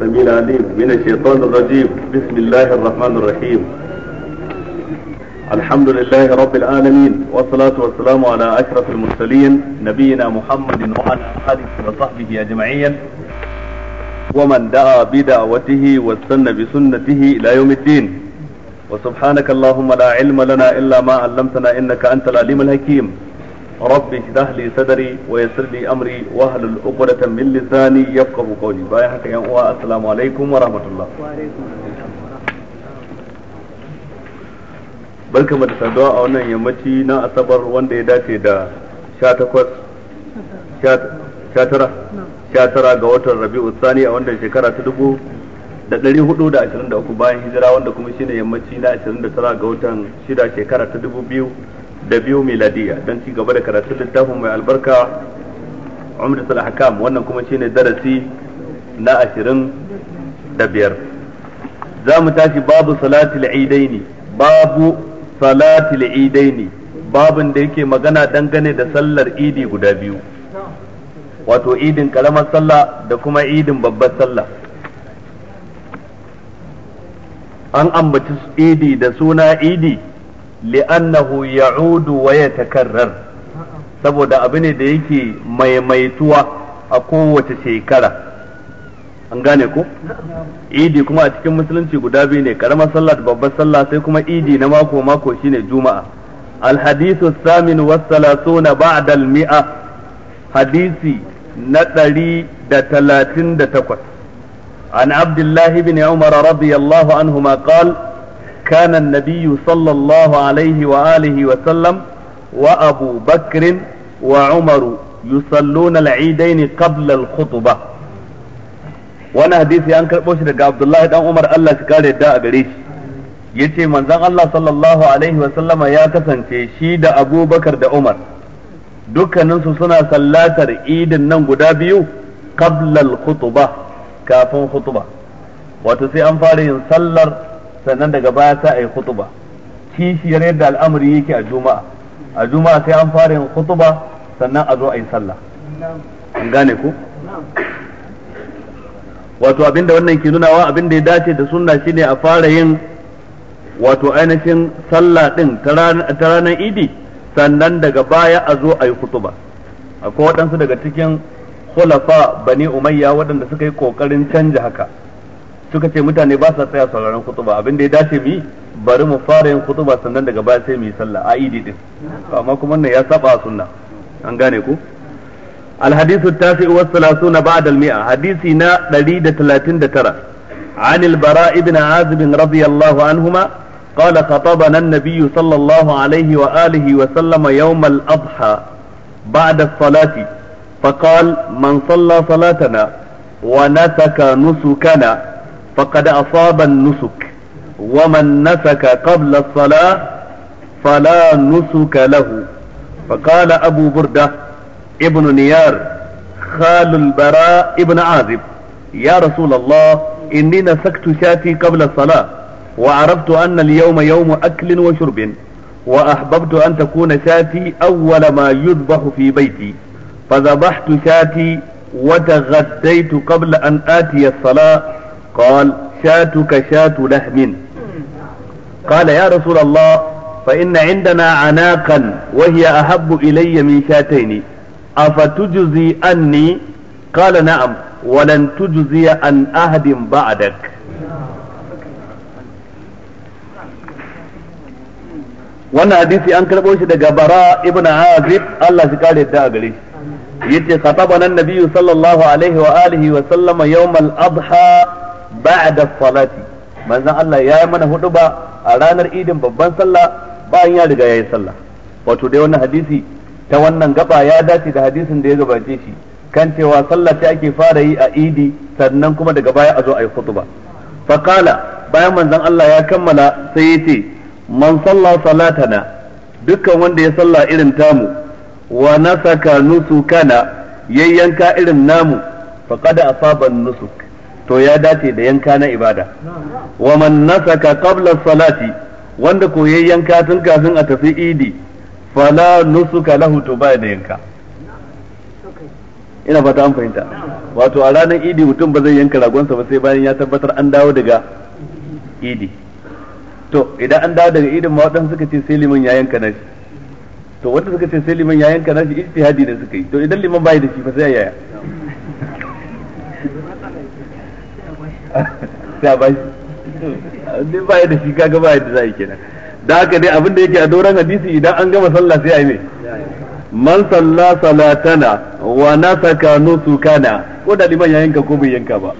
السميع العليم من الشيطان الرجيم بسم الله الرحمن الرحيم الحمد لله رب العالمين والصلاة والسلام على أشرف المرسلين نبينا محمد وعلى آله وصحبه أجمعين ومن دعا بدعوته واستنى بسنته إلى يوم الدين وسبحانك اللهم لا علم لنا إلا ما علمتنا إنك أنت العليم الحكيم rabbi shrah li sadri wa yassir li amri wa hlul 'uqdatan min lisani yafqahu qawli bayan haka yan uwa assalamu alaikum wa rahmatullah mu da saduwa a wannan yammaci na asabar wanda ya dace da 18 19 ga watan rabi'u sani a wannan shekara ta dubu da dari hudu da ashirin da uku bayan hijira wanda kuma shine yammaci na ashirin da tara ga watan shida shekara ta dubu biyu da biyu miladiya don ci gaba da karatun littafin mai albarka umar umdatul hakam wannan kuma shine darasi na ashirin da biyar za mu tashi babu salatul idaini babu salatul idaini babin da yake magana dangane da sallar idi guda biyu wato idin karamar sallah da kuma idin babbar sallah an ambaci idi da suna idi li'annahu ya'udu waya yatakarrar saboda abu ne da yake maimaituwa a kowace shekara an gane ku? idi kuma a cikin musulunci guda biyu ne karamar sallah da babbar sallah sai kuma idi na mako mako shine juma'a الحديث الثامن والثلاثون Hadisi na ɗari da talatin da takwas. An Abdullahi بن Umar, رضي الله anhuma, قال كان النبي صلى الله عليه وآله وسلم وأبو بكر وعمر يصلون العيدين قبل الخطبة وانا حديثي أنك بوشد عبد الله بن عمر الله شكال يدعى قريش yace manzon Allah sallallahu alaihi wasallama ya kasance shi da Abubakar da Umar dukkaninsu suna sallatar idin nan guda biyu qablal khutbah kafin khutbah wato sai an fara yin sallar sannan daga baya sai a yi khutba kishiyar yadda al'amari yake a juma'a a juma'a sai an fara yin khutba sannan a zo a yi sallah an gane ku wato abinda wannan ke nunawa abinda ya dace da sunna shine a fara yin wato ainihin sallah din ta ranar idi sannan daga baya a zo a yi kutuba akwai waɗansu daga cikin khulafa bani umayya waɗanda suka yi ƙoƙarin canja haka suka ce mutane ba sa tsaya sauraron kutuba abin da ya dace mi bari mu fara yin kutuba sannan daga baya sai mu yi sallah a idi din kuma wannan ya saba sunna an gane ku al hadithu tasi wa salasuna ba'd al mi'a hadisi na 139 an al bara ibn azib radiyallahu anhuma qala khatabana an nabiy sallallahu alayhi wa alihi wa sallama yawm al adha بعد الصلاة فقال من صلى صلاتنا ونسك نسكنا فقد أصاب النسك ومن نسك قبل الصلاة فلا نسك له فقال أبو بردة ابن نيار خال البراء ابن عازب يا رسول الله إني نسكت شاتي قبل الصلاة وعرفت أن اليوم يوم أكل وشرب وأحببت أن تكون شاتي أول ما يذبح في بيتي فذبحت شاتي وتغديت قبل أن آتي الصلاة قال شاتك شات لحم قال يا رسول الله فإن عندنا عناقا وهي أحب إلي من شاتين أفتجزي أني قال نعم ولن تجزي عن أحد بعدك wannan hadisi an karɓo shi daga bara ibn azib Allah shi kare da gare shi yace khatabana annabiyyu sallallahu alaihi wa alihi wa sallama yawmal adha ba'da salati manzon Allah ya yi mana hudu ba a ranar idin babban sallah bayan ya riga ya yi sallah wato dai wannan hadisi ta wannan gaba ya dace da hadisin da ya gabace shi kan cewa sallah ce ake fara yi a idi sannan kuma daga baya a zo a yi khutba fa qala bayan manzon Allah ya kammala sai ya ce man salla salatana dukkan wanda ya salla irin tamu wa nasaka nusukana yayyanka irin namu faqad asaba nusuk to ya dace da yanka na ibada wa man nasaka qabla salati wanda ko yayi yanka tun kafin a tafi idi fala nusuka lahu to baya da yanka ina fata an fahimta wato a ranar idi mutum ba zai yanka ragonsa ba sai bayan ya tabbatar an dawo daga idi to idan an dawo daga idin ma waɗansu suka ce sai liman ya yanka nashi to wanda suka ce sai liman ya yanka nashi ijtihadi ne suka yi to idan liman bai da shi fa sai yaya ta ba shi duk ba da shi kaga ba yadda za kenan da haka dai abin da yake a doran hadisi idan an gama sallah sai a yi mai man salla salatana wa nasaka nusukana ko da liman ya yanka ko bai yanka ba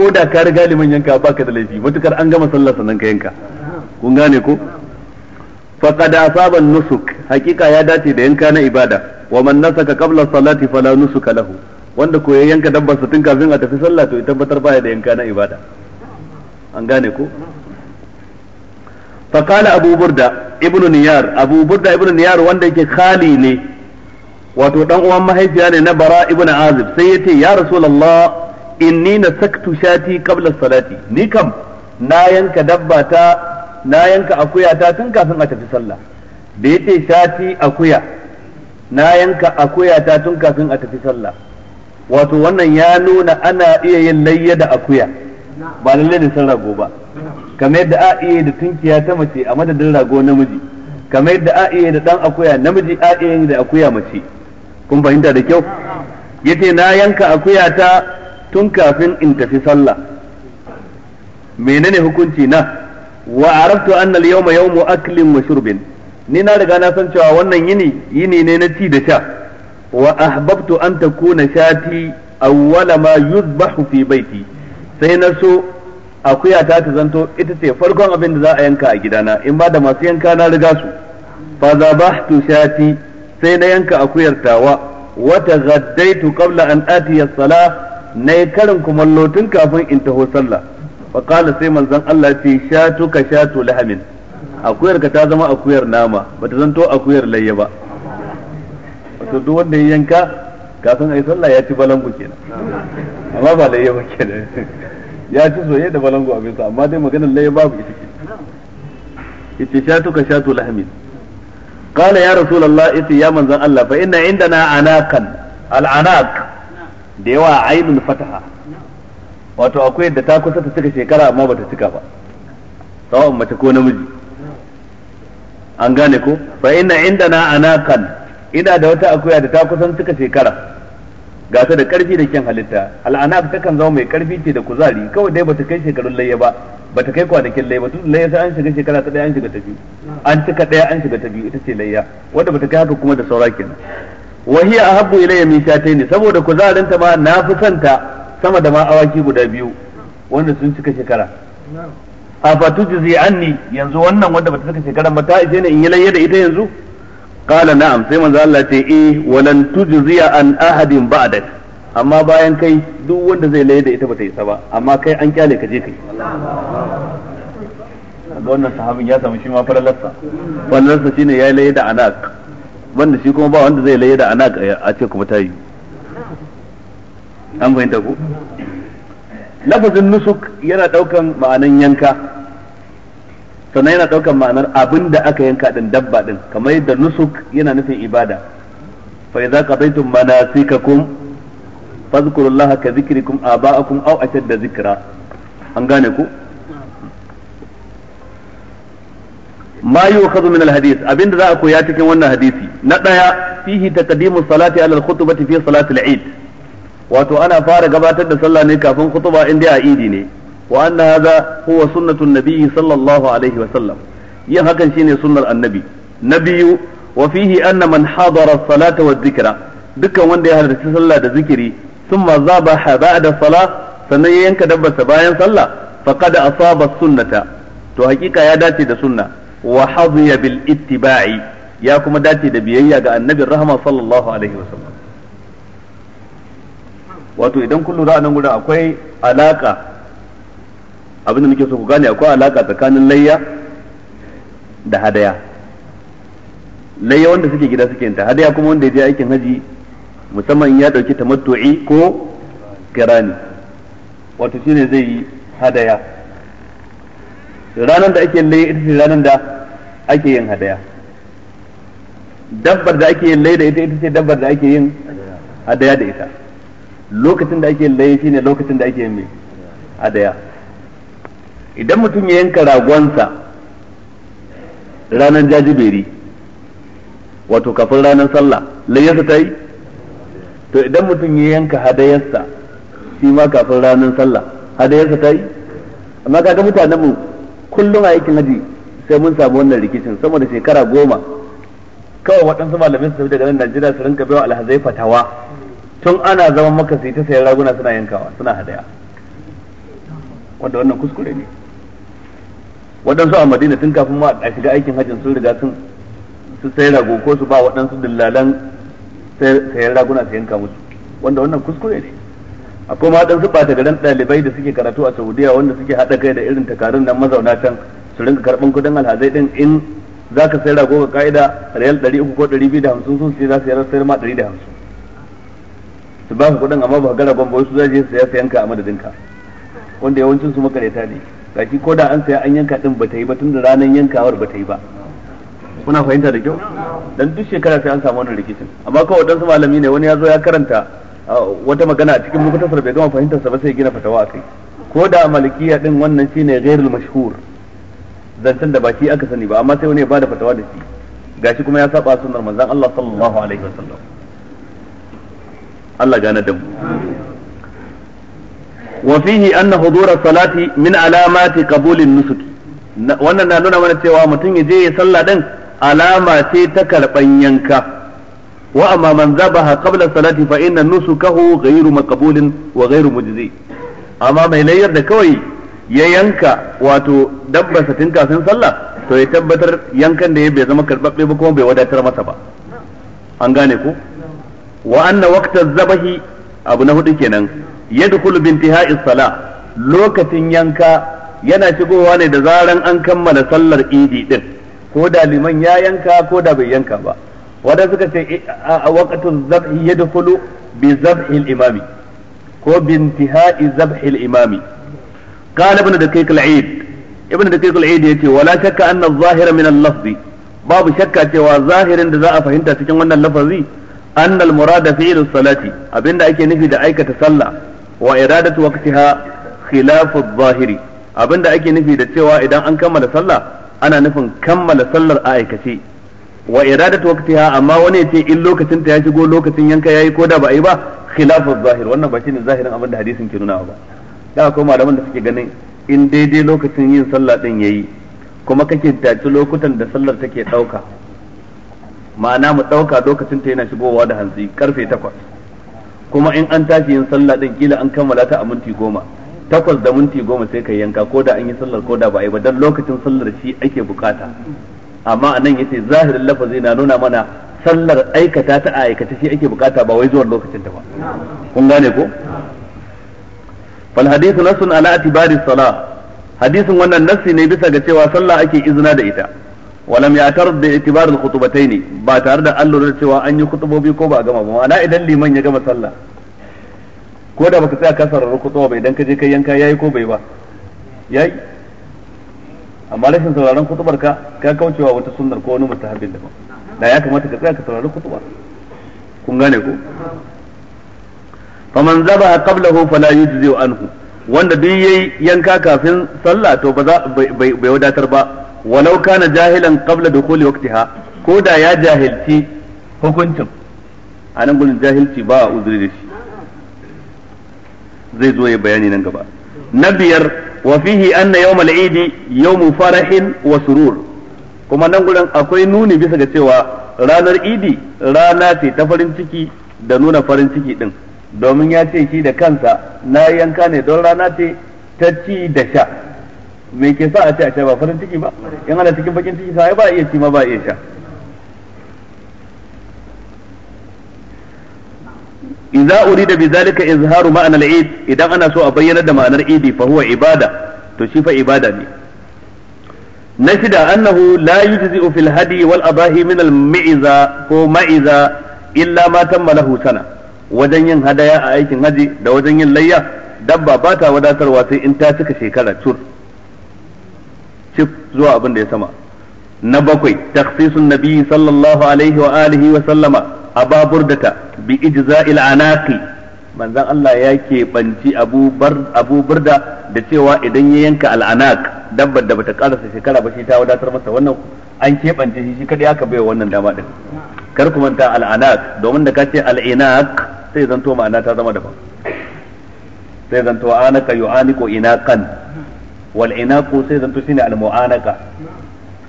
ko da ka riga liman yanka ba ka da laifi matukar an gama sallah sannan ka yanka kun gane ko faqad asaba nusuk hakika ya dace da yanka na ibada wa man nasaka qabla salati fala nusuka lahu wanda ko ya yanka dabbar sa tun kafin a tafi sallah to ita tabbatar baya da yanka na ibada an gane ko faqala abu burda ibnu niyar abu burda ibnu niyar wanda yake khali ne wato dan uwan mahaifiya ne na bara ibnu azib sai yace ya rasulullah inni nasaktu shati qabla salati ni kam na yanka dabba ta na yanka akuya ta tun kafin a tafi sallah da yace shati akuya na yanka akuya ta tun kafin a tafi sallah wato wannan ya nuna ana iya yin layya da akuya ba lalle ne san rago ba kamar yadda a iya da tunkiya ta mace a madadin rago namiji kamar yadda a iya da dan akuya namiji a iya da akuya mace kun fahimta da kyau yace na yanka akuya ta tun kafin in tafi sallah menene hukunci na wa arabtu anna al-yawma yawmu aklin wa shurbin ni na riga na san cewa wannan yini yini ne na ci da sha wa ahbabtu an takuna shati awwala ma yuzbahu fi baiti sai na so akuya ta zanto ita ce farkon abin da za a yanka a gidana in ba da masu yanka na riga su fa zabahtu shati sai na yanka akuyar tawa wa taghaddaitu qabla an atiya salah na karin kumallo tun kafin in taho sallah fa sai manzon Allah ce ka shatu lahamin akuyar ta zama akuyar nama bata zanto akuyar layya ba to duk wanda ya yanka ka san ai sallah ya ci balangu kenan amma ba laye ba kenan ya ci soye da balangu abin sa amma dai maganar laye babu ita ke ita shatu ka shatu lahmin qala ya rasulullah ita ya manzon Allah fa inna indana anakan al anak da yawa ainun fataha wato akwai da ta kusa ta cika shekara amma bata cika ba sawan mace ko namiji an gane ko fa inna indana anakan ina da wata akuya da ta kusan cika shekara ga ta da karfi da kyan halitta ta takan zama mai karfi ce da kuzari kawai dai bata kai shekarun layya ba bata kai kwanakin layya ba tun layya sai an shiga shekara ta daya an shiga ta biyu an cika daya an shiga ta biyu ita ce layya wanda bata kai haka kuma da saura kenan wa hiya ahabbu ilayya min shatayn saboda kuzarin ta ma na fi santa sama da ma awaki guda biyu wanda sun cika shekara fatu jizi anni yanzu wannan wanda bata cika shekara ba ta ishe ne in yi layya da ita yanzu قال na'am sai manzo Allah ce eh walan tujziya an ahadin ba'dak amma bayan kai duk wanda zai laye da ita bata isa ba amma kai an kyale ka je wannan sahabin ya samu shi ma shine ya laye anak wanda shi kuma ba wanda zai laye da anak a ce kuma tayi an fahimta ku. lafazin nusuk yana daukan ma'anan yanka sannan yana daukan ma'anar abin da aka yanka din dabba din kamar yadda nusuk yana nufin ibada fa idza qadaytum manasikakum fadhkurullaha ka dhikrikum aba'akum aw ashadda dhikra an gane ku ma yu'khadhu min al abinda za a koya cikin wannan hadisi na daya fihi taqdimu salati ala al-khutbati fi salati al-eid wato ana fara gabatar da sallah ne kafin khutba inda a idi ne wa anna hadha huwa sunnatu nabiyyi sallallahu alaihi wa sallam yin hakan shine sunnar annabi na biyu wa fihi anna man hadara salata wa dhikra dukkan wanda ya halarci sallah da zikiri thumma zabaha ba'da salah sannan yanka dabbarsa bayan sallah faqad asaba sunnata to hakika ya dace da sunna wa ya bil ittiba'i ya kuma dace da biyayya ga annabin rahama sallallahu alaihi sallam. wato idan kun lura nan akwai alaka abinda nake so ku gane akwai alaka tsakanin layya da hadaya layya wanda suke gida suke ta hadaya kuma wanda ya je aikin haji musamman ya dauki tamattu'i ko kirani wato shine zai yi hadaya ranar da ake layya ita ce ranar da ake yin hadaya dabbar da ake yin layya da ita ita ce dabbar da ake yin hadaya da ita lokacin da ake layya shine lokacin da ake yin hadaya idan mutum ya yanka ragonsa ranar jajiberi wato kafin ranar sallah layyarsa ta yi to idan mutum ya yanka hadayarsa shi ma kafin ranar sallah hadayarsa ta yi amma kaga mutanenmu kullum a aikin haji sai mun samu wannan rikicin sama da shekara goma kawai waɗansu malamin su daga nan Najeriya su rinka baiwa alhazai fatawa tun ana zaman maka su yi ta sayan raguna suna yankawa suna hadaya wanda wannan kuskure ne waɗansu a madina tun kafin ma a shiga aikin hajjin sun riga sun su sai rago ko su ba waɗansu dillalan sai raguna su yanka musu wanda wannan kuskure ne akwai ma ɗansu ɓata garin ɗalibai da suke karatu a saudiya wanda suke haɗa kai da irin takarun nan mazauna can su rinka karɓan kudin alhazai ɗin in za ka sai rago ga ka'ida riyal ɗari uku ko ɗari biyu da hamsin sun sai za su yarar sayar ma ɗari da hamsin su ba ka kudin amma ba ga ragon ba wasu za su je su yanka a madadinka wanda yawancin su makareta ne gashi ko da an saya an yanka din bata yi ba tun da ranar yankawar bata yi ba kuna fahimta da kyau dan duk shekara sai an samu wannan rikicin amma kawai dan malami ne wani ya zo ya karanta wata magana a cikin mukutasar bai gama fahimtar ba sai gina fatawa kai. ko da malikiya din wannan ne ghairul mashhur zancen da baki aka sani ba amma sai wani ya bada fatawa da shi gashi kuma ya saba sunnar manzon Allah sallallahu alaihi wasallam Allah gane da mu wa fihi anna hudura salati min alamati qabulin nusuki wannan na nuna mana cewa mutum ya je ya sallah din alama ce ta karban yanka wa amma man zabaha qabla salati fa inna nusukahu ghayru maqbulin wa ghayru mujzi amma mai layyar da kawai ya yanka wato dabba sa kafin sallah to ya tabbatar yankan da ya bai zama karbabbe ba kuma bai wadatar masa ba an gane ko wa anna waqta zabahi abu na hudu kenan yadkhulu bi intihai salah lokacin yanka yana shigowa ne da zaran an kammala sallar idi din ko da liman ya yanka ko da bai yanka ba wanda suka ce a waqtun zabhi yadkhulu bi zabhi al-imami ko bi intihai zabhi al-imami qala ibn daqiq al-eid ibn daqiq al-eid yace wala shakka anna adh-dhahira min al-lafzi babu shakka cewa zahirin da za a fahimta cikin wannan lafazi annal murada fi'lus salati abinda ake nufi da aikata sallah wa iradatu waqtiha khilafu adh-dhahiri abinda ake nufi da cewa idan an kammala sallah ana nufin kammala sallar a aikace wa iradatu waqtiha amma wani ya ce in lokacin ta ya shigo lokacin yanka yayi ko da ba yi ba khilafu adh-dhahir wannan ba shine zahirin abinda hadisin ke nuna ba da akwai malaman da suke ganin in daidai lokacin yin sallah din yayi kuma kake tace lokutan da sallar take dauka ma'ana mu dauka lokacin ta yana shigowa da hanzi karfe takwas kuma in an tashi yin sallah din kila an kammala ta a minti goma takwas da minti goma sai ka yanka ko da an yi sallar ko da ba a yi ba don lokacin sallar shi ake bukata amma a ya yace zahirin lafazi na nuna mana sallar aikata ta aikata shi ake bukata ba wai zuwa lokacin ta ba kun gane ko fal hadithu nasun ala atibari salah hadisin wannan nassi ne bisa ga cewa sallah ake izina da ita walam ya tar da itibarin khutubatai ne ba tare da an cewa an yi khutubobi ko ba a gama ba ma'ana idan liman ya gama sallah ko da baka tsaya ka sarrafa khutuba ba idan ka je kai yanka yayi ko bai ba yayi amma rashin sauraron khutubar ka ka kaucewa wata sunnar ko wani mustahabin daban da ya kamata ka tsaya ka saurari khutuba kun gane ko fa faman zaba qablahu fala yujzi anhu wanda duk yayi yanka kafin sallah to ba bai wadatar ba walau kana jahilan koli wakti ha, ko da ya jahilci hukuncin a nan gudun jahilci ba a uzuri da shi zai zo ya bayani nan gaba na biyar wa fihi anna yawmal idi yawmu farahin wa surur kuma nan gudun akwai nuni bisa ga cewa ranar idi rana ce ta farin ciki da nuna farin ciki din domin ya ce shi da kansa na yanka ne don rana ce ta ci da sha me ke sa a ce a sha ba farin ciki ba in ana cikin bakin ciki sai ba iya ci ma ba iya sha idza urida bi zalika izharu ma'ana al-eid idan ana so a bayyana da ma'anar idi fa huwa ibada to shi fa ibada ne na shida annahu la yujzi'u fil hadi wal abahi min al mi'za ko ma'iza illa ma tammalahu sana wajen yin hadaya a aikin haji da wajen yin layya dabba ba ta wadatarwa sai in ta cika shekara cur cif zuwa abin da ya sama na bakwai takhsisun nabi sallallahu alaihi wa alihi wa sallama ababurdata bi ijza'il anaqi manzon Allah ya banci abu burda da cewa idan ya yanka al'anak dabbar da bata karasa shekara ba shi ta wadatar masa wannan an keɓance shi kadai aka bai wannan dama din kar ku manta al'anak domin da kace al'inak sai zanto ma'ana ta zama daban sai zanto anaka yu'aniku inaqan والعناق سيزن تسين المعانقة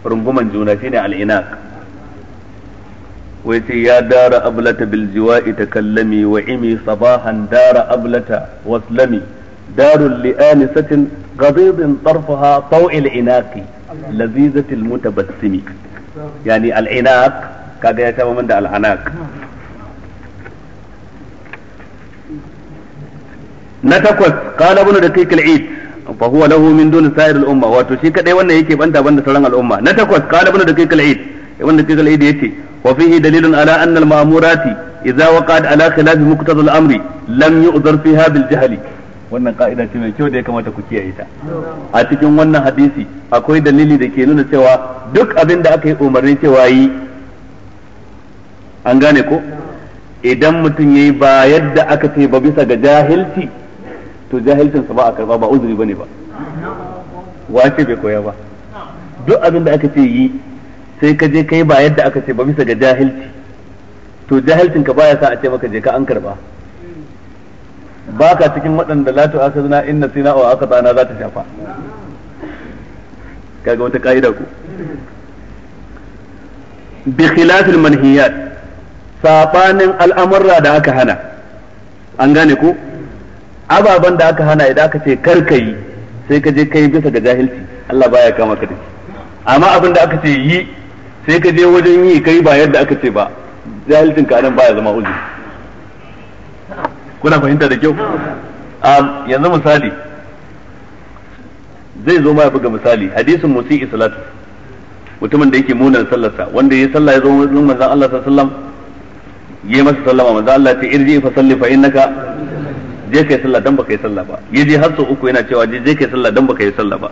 من جونا سين العناق ويتي يا دار أبلة بالجواء تكلمي وعمي صباحا دار أبلة واسلمي دار لآنسة غضيض طرفها طوع العناق لذيذة المتبسم يعني العناق كذا يتابع من دع العناق نتكوث قال ابن دقيق العيد fa huwa lahu min dun sa'ir al umma wato shi kadai wannan yake banda banda sauran al umma na takwas qala ibn dakiq al aid ibn dakiq al aid yace wa fihi dalilun ala anna al ma'murati idza waqa'at ala khilaf muqtada al amri lam yu'dhar fiha bil jahli wannan ka'ida ce mai kyau da ya kamata ku kiyaye ta a cikin wannan hadisi akwai dalili da ke nuna cewa duk abin da aka yi umarni cewa yi an gane ko idan mutum ya yi ba yadda aka ce ba bisa ga jahilci to jahilcin sa ba a karba ba uzuri bane ba wace bai koya ba duk abin da aka ce yi sai ka je kai ba yadda aka ce ba bisa ga jahilci to jahilcin ka baya sa a ce maka je ka an karba baka cikin waɗanda la inna in wa aka tsana za ta shafa kaga wata kaida ku bi khilafil manhiyat sabanin al'amurra da aka hana an gane ku ababen da aka hana idan aka ce kar ka yi sai ka je kai bisa ga jahilci Allah baya kama ka da shi amma abin da aka ce yi sai ka je wajen yi kai ba yadda aka ce ba jahilcin ka nan baya zama uzuri kuna fahimta da kyau yanzu misali zai zo ma ya buga misali hadisin musi salatu mutumin da yake munan sallarsa wanda ya sallah ya zo manzon Allah sallallahu alaihi wasallam yayi masa sallama manzon Allah ya ce irji fa salli fa innaka je kai sallah dan baka yi sallah ba yaje har sau uku yana cewa je je kai sallah dan baka yi sallah ba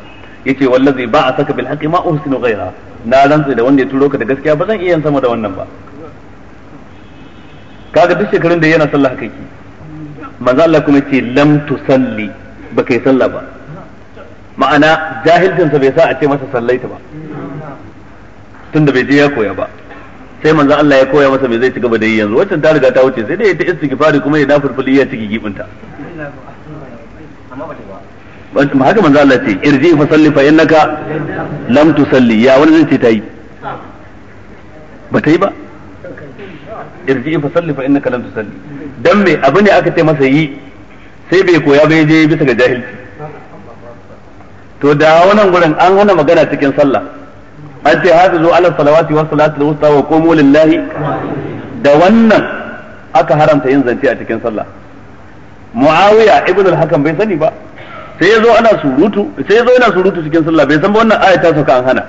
yace wallazi ba a saka bil haqi ma uhsinu ghaira na rantsa da wanda ya turo ka da gaskiya ba zan iya yin sama da wannan ba kaga duk shekarun da yana sallah haka ki manzo Allah kuma ce lam tusalli baka yi sallah ba ma'ana sa bai sa a ce masa sallaita ba tunda bai je ya koya ba sai manzo Allah ya koya masa me zai ci gaba da yi yanzu Wancan ta riga ta wuce sai dai ta istighfari kuma ya da furfuli ya ciki gibinta amma haka manzo Allah ce irji fa salli fa innaka lam tusalli ya wani zai ce ta yi ba ta yi ba irji fa salli fa innaka lam tusalli dan me abu ne aka ce masa yi sai bai koya bai je bisa ga jahilci to da wannan gurin an hana magana cikin sallah an ce hada zo ala salawati wa salatu wusta wa qumu lillahi da wannan aka haramta yin zance a cikin sallah muawiya ibn al-hakam bai sani ba sai yazo ana surutu sai yazo yana surutu cikin sallah bai san ba wannan aya ta sauka an hana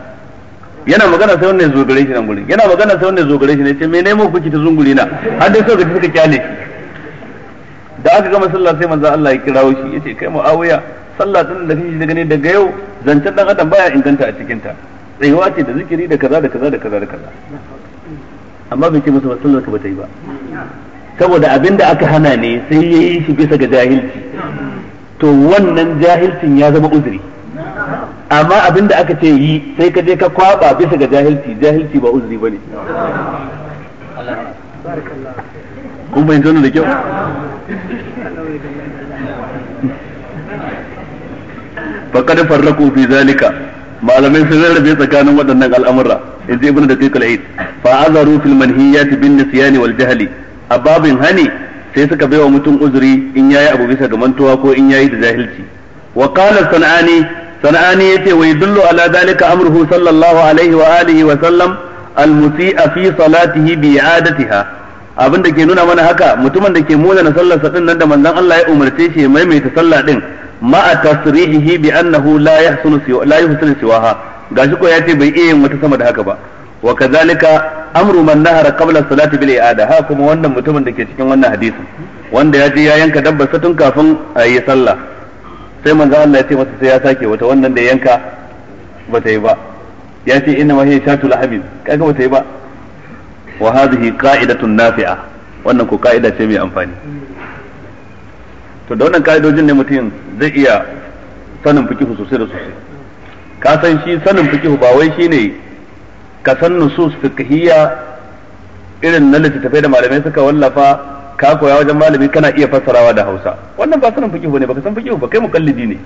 yana magana sai wannan zo gare shi nan gurin yana magana sai wannan zo gare shi ne ce me ne mu kuki ta zunguri na har dai suka suka kyale da aka gama sallah sai manzo Allah ya kirawo shi yace kai muawiya sallah din da kake da gani daga yau zancen dan adam baya inganta a cikin ta tsayuwa ce da zikiri da kaza da kaza da kaza da kaza amma bai ce masa ba sallar ka bata yi ba saboda abin da aka hana ne sai ya yi shi bisa ga jahilci to wannan jahilcin ya zama uzuri amma abin da aka ce yi sai ka je ka kwaba bisa ga jahilci jahilci ba uzuri ba ne kun bayan zonu da kyau faƙaɗin farraku fi zalika malamai sun rarrabe tsakanin waɗannan al'amura in ji ibnu da kai kal'id fa azaru fil manhiyati bin nisyani wal jahli a babin hani sai suka baiwa mutum uzuri in yayi abu bisa ga mantuwa ko in yayi da jahilci wa qala sanani sanani yace wa yadullu ala dalika amruhu sallallahu alaihi wa alihi wa sallam al musi'a fi salatihi bi i'adatiha abin da ke nuna mana haka mutumin da ke mona na sallarsa din nan da manzon Allah ya umarce shi ya maimaita sallah din ma'a tasrihihi bi annahu la yahsunu la yuhsinu siwaha gashi ko yace bai iya yin wata sama da haka ba wa kazalika amru man nahara qabla salati bil i'ada ha kuma wannan mutumin da ke cikin wannan hadisin wanda ya je ya yanka dabbar sa tun kafin a yi sallah sai manzo Allah ya ce masa sai ya sake wata wannan da yanka ba ta yi ba ya ce inna ma hiya shatul habib kaga ba ta yi ba wa hadhihi qa'idatun nafi'a wannan ko ka'ida ce mai amfani to da wannan ka'idojin ne mutum zai iya sanin fikihu sosai da sosai ka san shi sanin fikihu ba wai shine ka san nusus fiqhiyya irin na littattafai da malamai suka wallafa ka koya wajen malami kana iya fassarawa da Hausa wannan ba sanin fikihu ne baka san fikihu ba kai mukallidi ne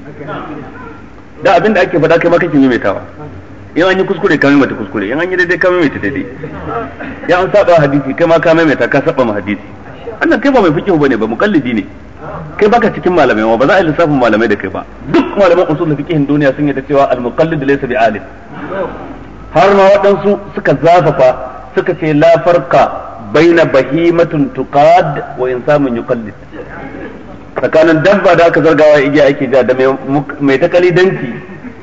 da abin da ake faɗa kai ma kake maimaitawa in an yi kuskure ka maimaita kuskure in an yi daidai ka maimaita daidai ya an saba hadisi kai ma ka maimaita ka saba ma hadisi annan kai ba mai fikihu bane ba mukallidi ne kai baka cikin malamai ma ba za a yi lissafin malamai da kai ba duk malaman usul fiqhin duniya sun yadda cewa al-muqallid laysa bi alim har ma waɗansu suka zafafa suka ce la farqa baina bahimatun tuqad wa insanun yuqallid tsakanin dabba da aka zargawa igiya ake ja da mai takalidanci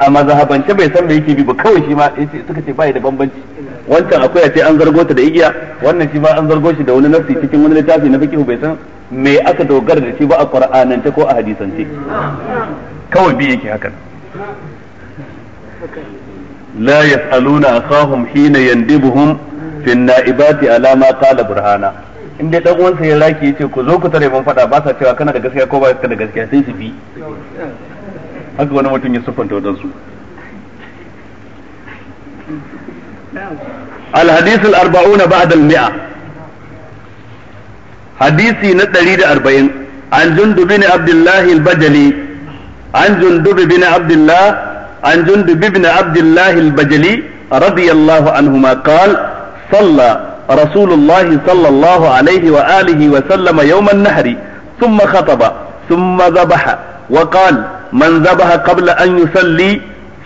a mazhabance bai san me yake bi ba kawai shi ma suka ce bai da bambanci wancan akwai a ce an zargo ta da igiya wannan shi ba an zargo shi da wani nafsi cikin wani littafi na fiqh bai san me aka dogara da shi ba a qur'anance ko a hadisance kawai bi ke hakan la yas'aluna akhahum hina yandibuhum fi an-na'ibati alama ma qala burhana in dai dan uwansa ya raki yace ku zo ku tare mun fada ba sa cewa kana da gaskiya ko ba ka da gaskiya sai su bi haka wani mutum ya siffanta wadansu الحديث الأربعون بعد المئة hadisi na 140 an jundub bin abdullah al-bajali an jundub bin abdullah an jundub bin abdullah al-bajali radiyallahu anhuma qala صلى رسول الله صلى الله عليه وآله وسلم يوم النهر ثم خطب ثم ذبح وقال من ذبح قبل أن يصلي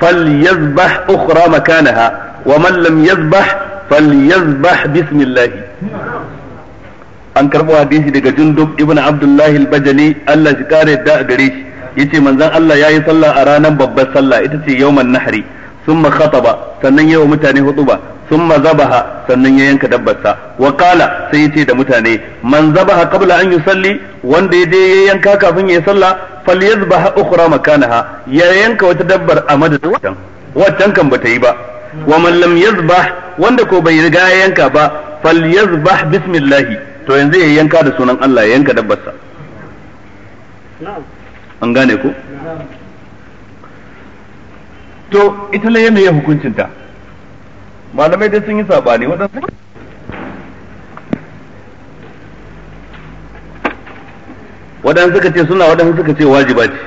فليذبح أخرى مكانها ومن لم يذبح فليذبح بسم الله an karɓo hadisi daga jundub ibn abdullahi al-bajali Allah shi kare da a gare shi yace manzon Allah yayi sallah a ranar babbar sallah ita ce yawman nahri thumma khataba sannan yawa mutane hutuba thumma zabaha sannan ya yanka dabbarsa wa qala sai yace da mutane man zabaha qabla an yusalli wanda ya je ya yanka kafin ya sallah falyazbaha ukhra makanaha ya yanka wata dabbar a madadin wancan wancan kan bata yi ba wa man lam yazbah wanda ko bai riga ya yanka ba falyazbah bismillah to yanzu ya yanka da sunan Allah ya yanka dabbarsa an gane ko to ita la yanayin hukuncinta malamai dai sun yi sabani waɗansu waɗansu suka ce suna waɗansu suka ce wajiba ce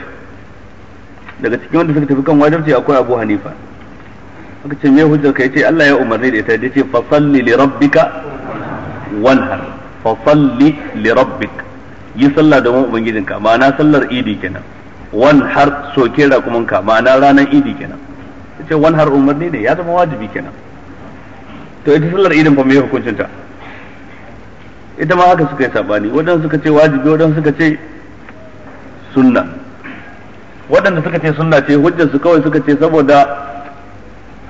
daga cikin wanda suka tafi kan wajibci akwai abu hanifa aka ce me hujjar ka yace Allah ya umarni da ita yace fasalli li rabbika wanhar fa salli li rabbik yi sallah domin ubangijinka ma'ana sallar idi kenan wan har soke raƙumanka ma'ana ranar idi kenan yace wan har umarni ne ya zama wajibi kenan to ita sallar idin fa me hukuncin ta ita ma haka suka yi sabani waɗanda suka ce wajibi waɗanda suka ce sunna waɗanda suka ce sunna ce hujjar su kawai suka ce saboda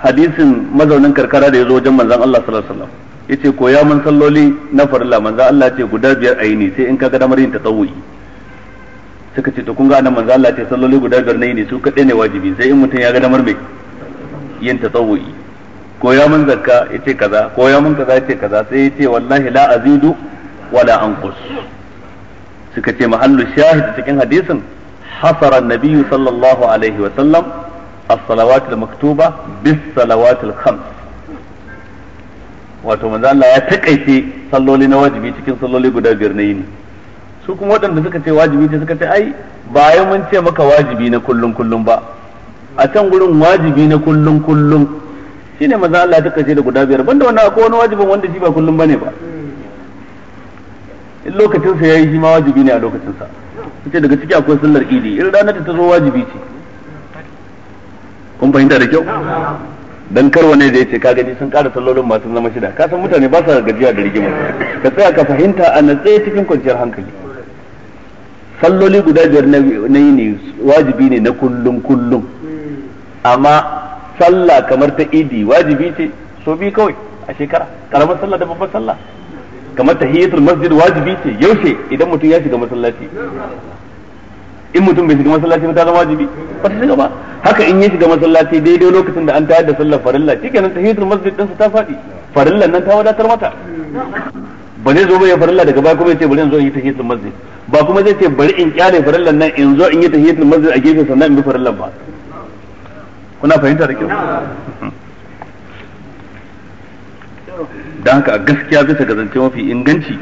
hadisin mazaunin karkara da ya zo wajen manzon Allah sallallahu alaihi wasallam yace koya mun salloli na farilla manzo Allah ce guda biyar a yi ne sai in ka ga damar yin tatawuyi suka ce to kun ga annabi manzo Allah ce salloli guda biyar ne su kadai ne wajibi sai in mutum ya ga damar mai yin tatawuyi koya mun zakka yace kaza koya mun kaza yace kaza sai yace wallahi la azidu wala anqus suka ce mahallu shahid cikin hadisin hasara nabiyyu sallallahu alaihi wa sallam as-salawatul maktuba bis salawatul khams wato manzo Allah ya takaice salloli na wajibi cikin salloli guda biyar na yini su kuma waɗanda suka ce wajibi ce suka ce ai bayan mun ce maka wajibi na kullun kullun ba a can gurin wajibi na kullun kullun shine manzo Allah ya takaice da guda biyar banda wannan akwai wani wajibin wanda shi ba kullun bane ba in lokacin sa yayi shi ma wajibi ne a lokacin sa kace daga ciki akwai sallar idi irin ranar ta zo wajibi ce kun fahimta da kyau dan kar wani da yace ka gani sun ƙara sallolin masu zama shida ka san mutane ba da gajiya da rigima ka tsaya ka fahimta a natsaye cikin kwanciyar hankali salloli guda biyar na yi ne wajibi ne na kullum kullum amma sallah kamar ta idi wajibi ce so bi kawai a shekara karamar sallah da babbar sallah kamar tahiyatul masjid wajibi ce yaushe idan mutum ya shiga masallaci in mutum bai shiga masallaci ba ta zama wajibi ba ta shiga ba haka in ya shiga masallaci daidai lokacin da an tayar da sallar farilla shikenan tahiyatul masjid din ta faɗi farillan nan ta wadatar mata ba zai zo ba ya farilla daga baya kuma ya ce bari in zo in yi tahiyatul masjid ba kuma zai ce bari in kyale farillan nan in zo in yi tahiyatul masjid a gefe sannan in bi farillan ba kuna fahimta da kyau dan haka a gaskiya bisa ga zance mafi inganci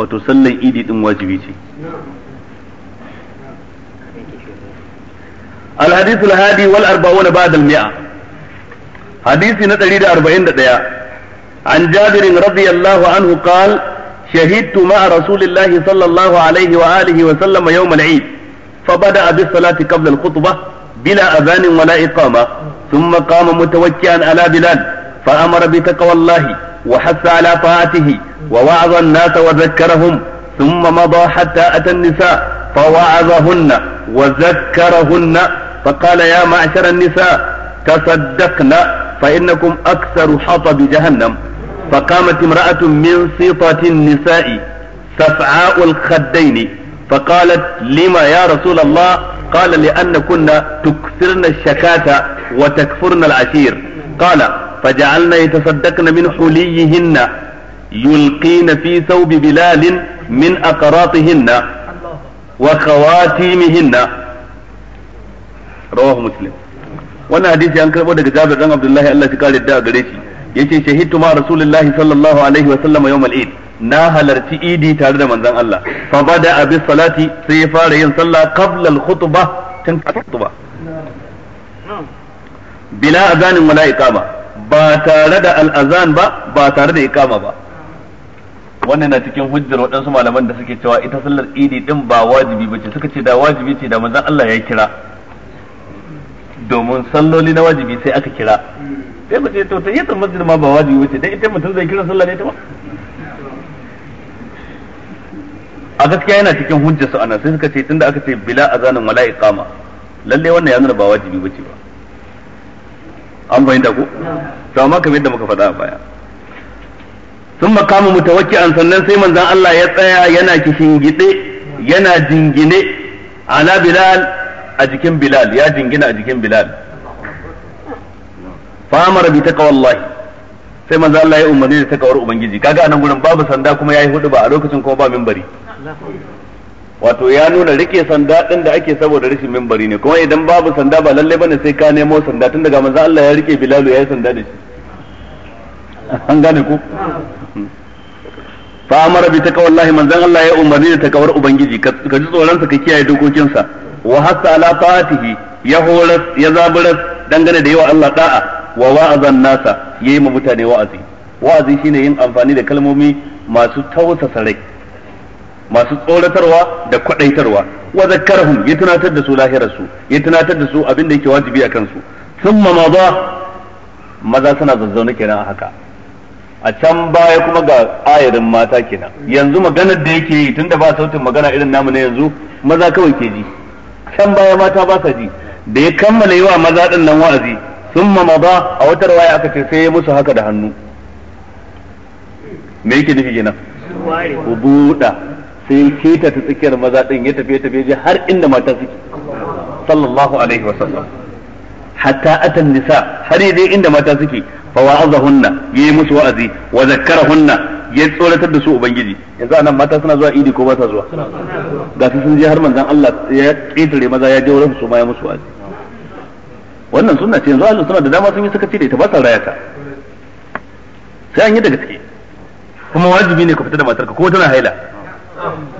wato sallan idi din wajibi ce الحديث الهادي والأربعون بعد المئة حديث نتريد أربعين دقيقة عن جابر رضي الله عنه قال شهدت مع رسول الله صلى الله عليه وآله وسلم يوم العيد فبدأ بالصلاة قبل الخطبة بلا أذان ولا إقامة ثم قام متوكئا على بلال فأمر بتقوى الله وحث على طاعته ووعظ الناس وذكرهم ثم مضى حتى أتى النساء فوعظهن وذكرهن فقال يا معشر النساء تصدقن فإنكم أكثر حطب جهنم فقامت امرأة من سيطة النساء سفعاء الخدين فقالت لما يا رسول الله قال لأنكن تكثرن الشكاة وتكفرن العشير قال فجعلنا يتصدقن من حليهن يلقين في ثوب بلال من أقراطهن وخواتيمهن rawahu muslim wannan hadisi an karbo daga Jabir dan Abdullahi Allah ya kare da gare shi yace shahidtu ma rasulullahi sallallahu alaihi wa sallam yawm al-eid na halarci idi tare da manzon Allah fa bada abi salati sai ya fara yin sallah qabla al-khutbah tun khutba bila azanin wala iqama ba tare da al-azan ba ba tare da iqama ba wannan na cikin hujjar waɗansu malaman da suke cewa ita sallar idi din ba wajibi bace suka ce da wajibi ce da manzon Allah ya kira domin salloli na wajibi sai aka kira sai ku ce to ta yi masjid ma ba wajibi wuce dan ita mutum zai kira sallah ne ta ba a gaskiya yana cikin hujja su anan sai suka ce tunda aka ce bila azanin wala iqama lalle wannan ya nuna ba wajibi ce ba an fahimta ko to amma kamar yadda muka faɗa a baya sun makamu mutawakki'an sannan sai manzon Allah ya tsaya yana kishin gide yana jingine ala bilal a jikin Bilal ya jingina a jikin Bilal fa amara bi Allah sai manzo Allah ya umarni da takawar ubangiji kaga anan gurin babu sanda kuma yayi hudu ba a lokacin kuma ba minbari wato ya nuna rike sanda din da ake saboda rashin minbari ne kuma idan babu sanda ba lalle bane sai ka nemo sanda tun daga manzo Allah ya rike Bilal ya yi sanda da shi an gane ku fa amara bi Allah manzo Allah ya umarni da takawar ubangiji ka ji tsoron sa ka kiyaye dokokinsa. sa wa hasa ala ta'atihi ya horas ya zaburas dangane da yawa Allah da'a wa wa'azan nasa yayi ma mutane wa'azi wa'azi shine yin amfani da kalmomi masu tausasa rai masu tsoratarwa da kwadaitarwa wa zakkarhum ya tunatar da su lahirarsu ya tunatar da su abin da yake wajibi a kansu thumma madha maza suna zazzauna kenan a haka a can baya kuma ga ayarin mata kenan yanzu maganar da yake yi tunda ba sautin magana irin namu na yanzu maza kawai ke ji can baya mata ba sa ji da ya kammala yi wa maza ɗin nan wa'azi sun mama ba a wata waya aka ce sai ya musu haka da hannu me yake nufi gina ku buɗa sai keta ta tsakiyar maza ɗin ya tafi ya tafi ya har inda mata suke sallallahu alaihi wasallam hatta atan nisa har yaje inda mata suke fa wa'azahunna yayi musu wa'azi wa zakkarahunna ya tsoratar da su ubangiji yanzu anan mata suna zuwa idi ko ba ta zuwa ga su sun je har manzon Allah ya ketare maza ya je wurin su ma ya musu wa'azi wannan sunna ce yanzu Allah suna da dama sun yi sakaci da ita ba sa rayata sai an yi da take. kuma wajibi ne ka fita da matarka ko tana haila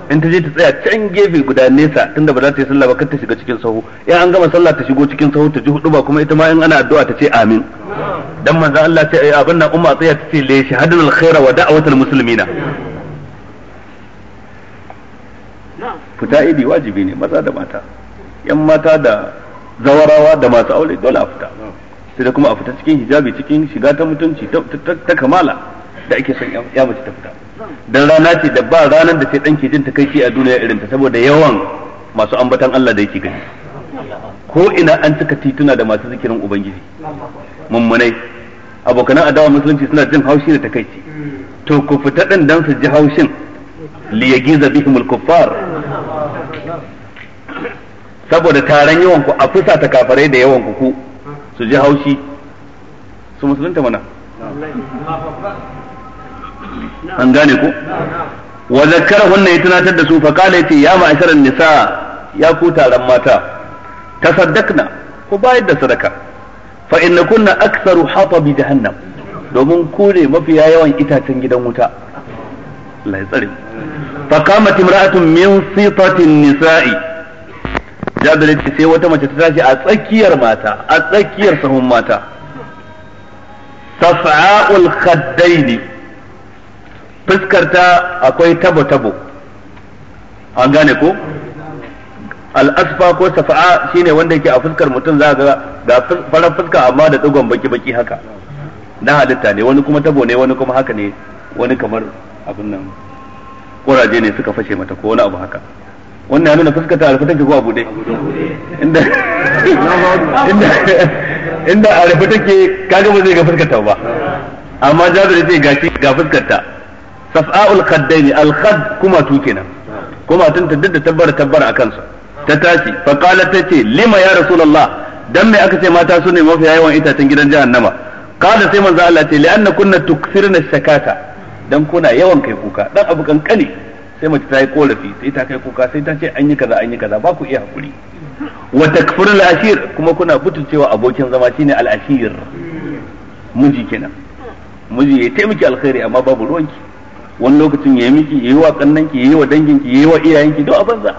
in ta je ta tsaya can gefe guda nesa tunda ba za ta yi sallah ba kar ta shiga cikin sahu in an gama sallah ta shigo cikin sahu ta ji hudu ba kuma ita ma in ana addu'a ta ce amin dan manzo Allah ce eh, abin nan umma tsaya ta ce la shahadul khaira wa da'watul muslimina fita idi wajibi ne maza da mata yan mata da zawarawa da masu aure dole a fita sai da kuma a fita cikin hijabi cikin shiga ta mutunci ta kamala da ake son ya mace ta fita dan rana ce da ba ranar da sai dan ke jin takaici a duniya irin ta saboda yawan masu ambatan Allah da yake gani ko ina an cika tituna da masu zikirin ubangiji mummunai abokan adawa musulunci suna jin haushi da takaici to ku fita din dan su ji haushin li yagiza bihimul kuffar saboda taron yawan ku a fusa ta kafarai da yawan ku ku su ji haushi su musulunta mana an gane ko wa zakkarahunna ya tunatar da su fa kala yace ya ma'asharan nisa ya ku taron mata tasaddaqna ku bayar da sadaka fa innakunna aktharu hatab jahannam domin ku ne mafiya yawan itacen gidan wuta Allah ya tsare fa qamat imra'atun min sitatin nisa'i Jabir sai wata mace ta tashi a tsakiyar mata a tsakiyar sahun mata tasa'ul khaddaini fuskarta akwai tabo-tabo an gane ko al'asfa ko safa'a shine wanda yake a fuskar mutum za ga ga farar fuska amma da digon baki-baki haka na halitta ne wani kuma tabo ne wani kuma haka ne wani kamar abin nan kuraje ne suka fashe mata ko wani abu haka wannan ya nuna fuskar ta alfa ke ko abu dai inda inda inda alfa ke kaga ba zai ga fuskar ta ba amma jabir zai gashi ga fuskar ta safa'ul khaddaini al khadd kuma tukina kenan kuma tun ta didda tabbar tabbar akan sa ta tashi fa qalat tace lima ya rasulullah dan me aka ce mata su ne mafi yawan itacen gidan jahannama qala sai manzo Allah ce li'anna kunna tukthirna shakata dan kuna yawan kai kuka dan abu kankani sai mace ta yi korafi sai ta kai kuka sai ta ce an yi kaza an yi kaza ba ku iya hakuri wa takfirul ashir kuma kuna butucewa abokin zama shine al-ashir miji kenan miji ya taimaki alkhairi amma babu ruwanki wani lokacin ya yi miki ya yi wa kannanki ki ya yi wa dangin ya yi wa iyayen ki duk a banza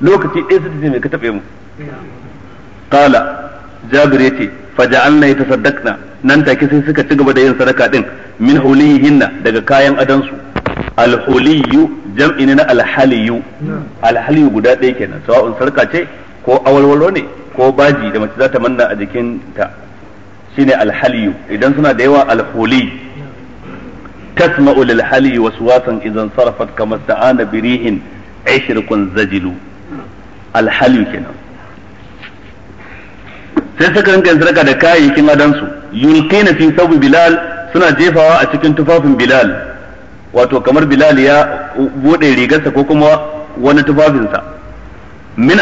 lokaci ɗaya su ce mai ka taɓe mu kala jabir ya ce faja'alna yatasaddaqna nan take sai suka ci gaba da yin sadaka din min hulihinna daga kayan adansu alhuliyu jam'i na alhaliyu alhaliyu guda ɗaya kenan sawa'un sarka ce ko awalwalo ne ko baji da mace za ta manna a jikinta shine alhaliyu idan suna da yawa alhuliyu تسمع للحلي وسواسا اذا انصرفت كما استعان بريح عشرق زجل الحلي كنا sai suka rinka yin sadaka da kayayyakin adansu yulqina fi sabu bilal suna jefawa a cikin tufafin bilal wato kamar bilal ya bude rigarsa ko kuma wani tufafinsa min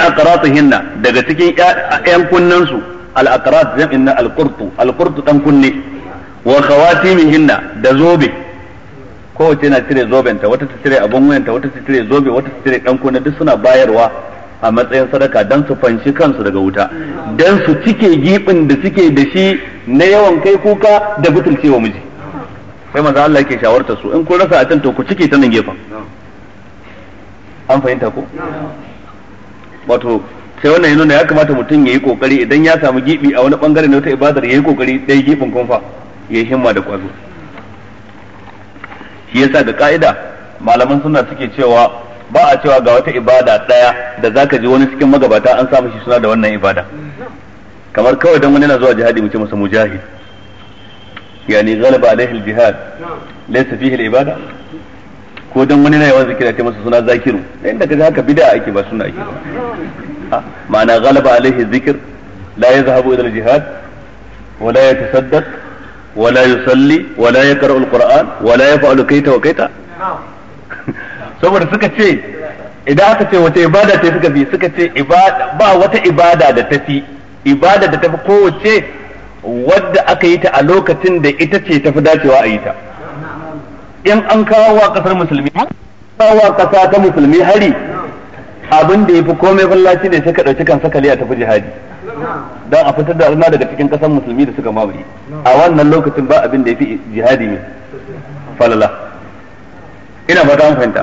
hinna daga cikin ƴan kunnensu al aqrat jam'in na al qurtu al dan kunne wa khawatimihinna da zobe kowace na cire zobenta wata ta cire abin wuyanta wata ta cire zobe wata ta cire dan kunne duk suna bayarwa a matsayin sadaka dan su fanshi kansu daga wuta dan su cike gibin da suke da shi na yawan kai kuka da butulcewa miji sai maza Allah yake shawartar su in kun rasa a can to ku cike ta nan gefen an fahimta ko wato sai wannan ya nuna ya kamata mutum ya yi kokari idan ya samu gibi a wani bangare na wata ibadar ya yi kokari dai gibin kumfa ya yi himma da kwazo shi yasa ga ka'ida malaman suna suke cewa ba a cewa ga wata ibada daya da zaka ji wani cikin magabata an samu shi suna da wannan ibada kamar kawai dan wani yana zuwa jihadi mu ce masa mujahid yani galaba alaihi aljihad laysa fihi alibada ko dan wani yana yawan zikira ta masa suna zakiru da kaga haka bid'a ake ba suna ake ba ma'ana galaba alaihi zikr la yazhabu ila aljihad wa la yatasaddaq wala يصلي wala يقرأ القرآن wala يفعل كيتا wa saboda suka ce idan aka ce wata ibada ce suka bi suka ce ba wata ibada da fi ibada da fi kowace wadda aka yi ta a lokacin da ita ce ta fi dacewa a yi ta in an kawo wa kasar musulmi kawo kasa ta musulmi hari abin da ya fi komai fallaci ne sai ka ɗauki kan sakali a tafi jihadi dan a fitar da arna daga cikin kasan musulmi da suka mamaye a wannan lokacin ba abin da yafi jihadi ne falala ina fata an fahimta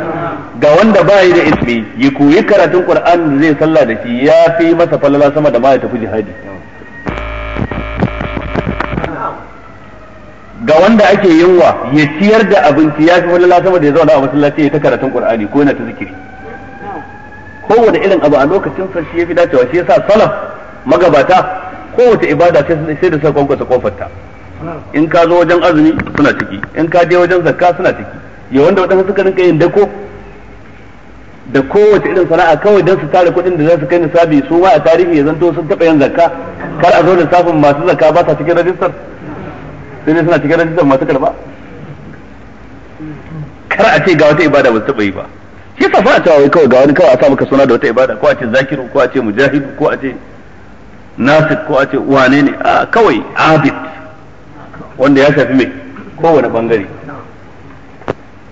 ga wanda ba yi da ismi ya koyi karatun qur'an da zai sallah da shi ya fi masa falala sama da ma ya tafi jihadi ga wanda ake yinwa ya ciyar da abinci ya fi falala sama da ya zauna a masallaci ya ta karatun qur'ani ko yana ta zikiri kowane irin abu a lokacin sa shi ya fi dacewa shi yasa salaf magabata kowace ibada sai da suka kwankwasa kofarta in ka zo wajen azumi suna ciki in ka je wajen zakka suna ciki ya wanda wadansu suka rinka yin dako da kowace irin sana'a kawai don su tare kuɗin da za su kai nisabi su ma a tarihi ya zanto sun taɓa yin zakka kar a zo da safin masu zakka ba sa cikin rajistar sai dai suna cikin rajistar masu karba kar a ce ga wata ibada ba su taɓa yi ba shi yasa fa a cewa kawai ga wani kawai a sa maka suna da wata ibada ko a ce zakiru ko a ce mujahidu ko a ce nasik ko a ce wane ne a ah, kawai abid wanda ya shafi mai kowane bangare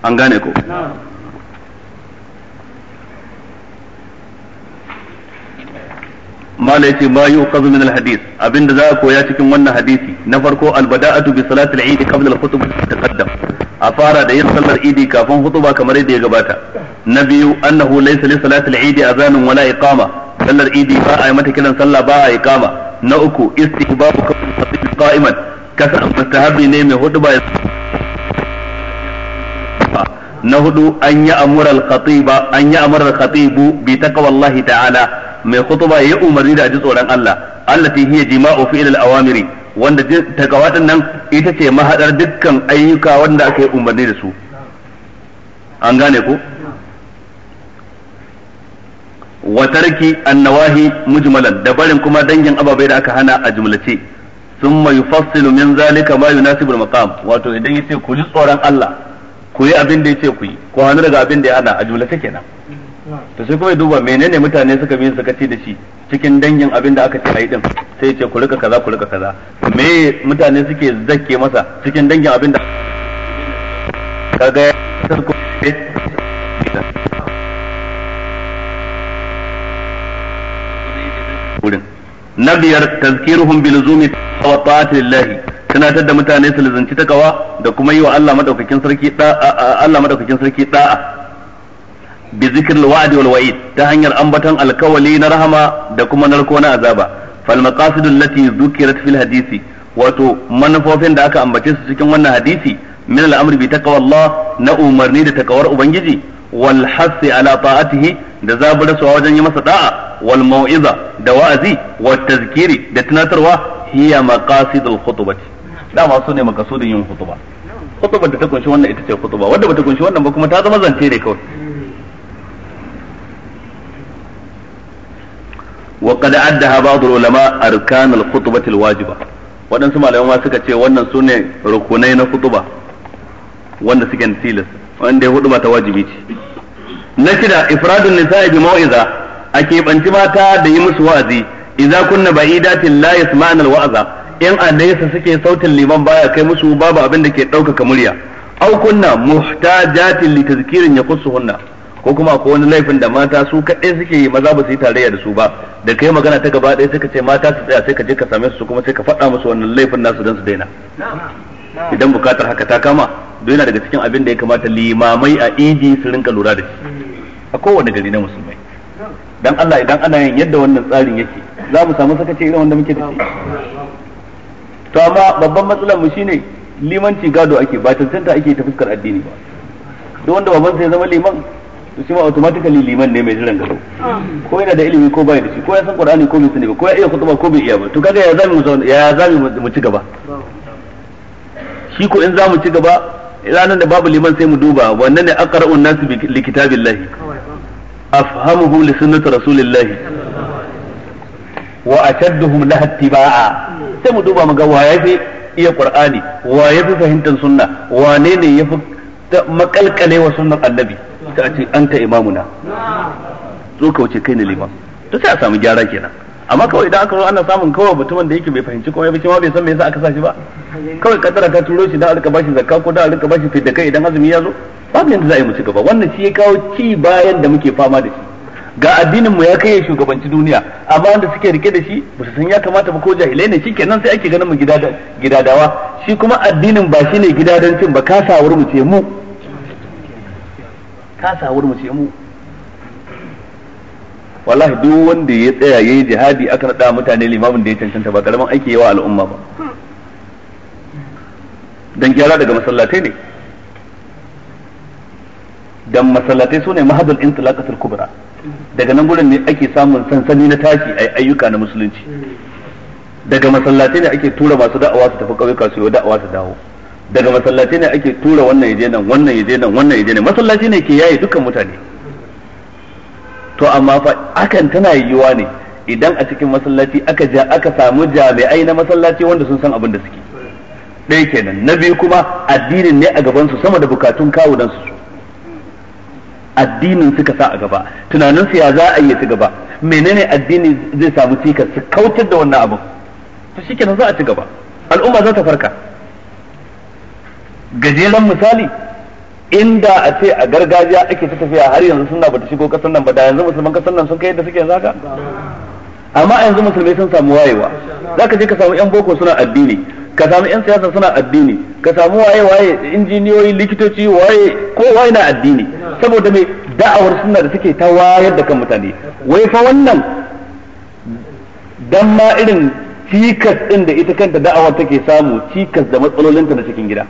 an gane ko malai ce ma yi ukazu da alhadis abinda za koya cikin wannan hadisi na farko albada'atu bi salatil eid qabla al-khutb taqaddam a fara da yin sallar idi kafin hutuba kamar yadda ya gabata na biyu annahu laysa li salatil eid azanin wala iqama sallar idi ba a yi mata kiran sallah ba a yi kama na uku istihbabu kawai sabbin qa'iman kasa mustahabi ne mai hudu ba na hudu an yi amura khatiba an yi amura khatibu bi taqwallahi ta'ala mai khutba ya umarni da ji tsoron Allah allati hiya jima'u fi'l al-awamiri wanda takawa nan ita ce mahadar dukkan ayyuka wanda aka yi umarni da su an gane ko wa tarki annawahi mujmalan da barin kuma dangin ababai da aka hana a jumlace thumma yufassilu min zalika ma yunasibu al-maqam wato idan yace ku ji tsoron Allah ku yi abin da yace ku yi ku hanu daga abin da ya hana a jumlace kenan to sai kuma duba menene mutane suka bi suka ce da shi cikin dangin abin da aka ce ayi din sai ce ku rika kaza ku rika kaza me mutane suke zakke masa cikin dangin abin da kaga sarko gurin na biyar tazkiruhum bi luzumi wa lillahi tunatar da mutane su luzunci takawa da kuma yi wa Allah madaukakin sarki da'a Allah madaukakin sarki da'a bi zikril wa'di wal wa'id ta hanyar ambaton alkawali na rahama da kuma narko na azaba fal maqasidul lati dhukirat fil hadisi wato manufofin da aka ambace su cikin wannan hadisi min al'amri bi taqwallah na umarni da takawar ubangiji wal hasi ala ta'atihi da zabura su wajen yi masa da'a wal mau'iza da wa'azi wa tazkiri da tunatarwa hiya maqasidul khutbati dama su ne makasudin yin khutba khutbar da ta kunshi wannan ita ce khutba wanda bata kunshi wannan ba kuma ta zama zance ne kawai wa qad addaha ba'd ulama arkan al khutbati al wajiba waɗansu malamai suka ce wannan su ne rukunai na khutba wanda suke tilas wanda ya hudu ta wajibi ce na shida ifradun nisa'i bi mau'iza a keɓanci mata da yi musu wa'azi idza kunna ba'idatin la yasma'na wa'aza in alaysa suke sautin liman baya kai musu babu abin da ke ɗaukaka murya au kunna muhtajatin li tazkirin yakussuhunna ko kuma ko wani laifin da mata su kaɗai suke yi maza ba su yi tarayya da su ba da kai magana ta gaba ɗaya suka ce mata su tsaya sai ka je ka same su kuma sai ka faɗa musu wannan laifin nasu don su daina idan bukatar haka ta kama don yana daga cikin abin da ya kamata limamai a idi su rinka lura da shi a kowane gari na musulmi dan Allah idan ana yin yadda wannan tsarin yake za mu samu sakaci irin wanda muke da shi to amma babban matsalar mu shine limanci gado ake ba tantanta ake ta fuskar addini ba duk wanda baban sai zama liman to shi ma automatically liman ne mai jiran gado ko yana da ilimi ko bai da shi ko ya san qur'ani ko bai sani ba ko ya iya kutuba ko bai iya ba to kaga ya zamu ya zamu mu ci gaba shi ko in zamu ci gaba ranan da babu liman sai mu duba wannan ne aqra'un nasu bi likitabillahi afhamuhu li sunnati rasulillahi wa ashadduhum laha ittiba'a sai mu duba mu ga wa yafi iya qur'ani wa yafi fahimtar sunna wane ne yafi makalkale wa sunnar annabi ta ce ta imamuna zo ka wuce kai ne liman to sai a samu gyara kenan amma kawai idan aka zo ana samun kawai mutumin da yake bai fahimci komai ba shi ma bai san me yasa aka sa shi ba kawai kaddara ka turo shi da alka bashi zakka ko da alka bashi fidda kai idan azumi ya zo ba yanda za a yi mu ci gaba wannan shi ya kawo ci bayan da muke fama da shi ga addinin mu ya kai ya shugabanci duniya amma wanda suke rike da shi ba su san ya kamata ba ko jahilai ne kenan sai ake ganin mu gidadawa shi kuma addinin ba shine gidadancin ba kasawar mu ce mu kasawar mu ce mu wallahi duk wanda ya tsaya yayi jihadi aka nada mutane limamin da ya cancanta ba karaman aiki yawa al'umma ba dan gyara daga masallatai ne dan masallatai sune mahadul intilaqatul kubra daga nan gurin ne ake samun sansani na taki a ayyuka na musulunci daga masallatai ne ake tura masu da'awa su tafi kauyuka su yi da'awa su dawo daga masallatai ne ake tura wannan yaje nan wannan yaje nan wannan yaje nan masallaci ne ke yaye dukkan mutane to amma fa akan tana yiwuwa ne idan a cikin masallaci aka ja aka samu jami'ai na masallaci wanda sun san abin da suke ɗaya kenan na biyu kuma addinin ne a gaban sama da bukatun kawunan su addinin suka sa a gaba tunanin su ya za a yi gaba menene addini zai samu cikas su kautar da wannan abin to shikenan za a ci gaba al'umma za ta farka gajeren misali inda a ce a gargajiya ake ta tafiya har yanzu suna bata shigo kasar nan ba da yanzu musulman kasar nan sun kai yadda suke yanzu amma yanzu musulmai sun samu wayewa zaka je ka samu yan boko suna addini ka samu yan siyasa suna addini ka samu waye waye injiniyoyi likitoci waye ko waye na addini saboda mai da'awar suna da suke ta wayar da kan mutane wai fa wannan dan ma irin cikas din da ita kanta da'awar take samu cikas da matsalolinta na cikin gida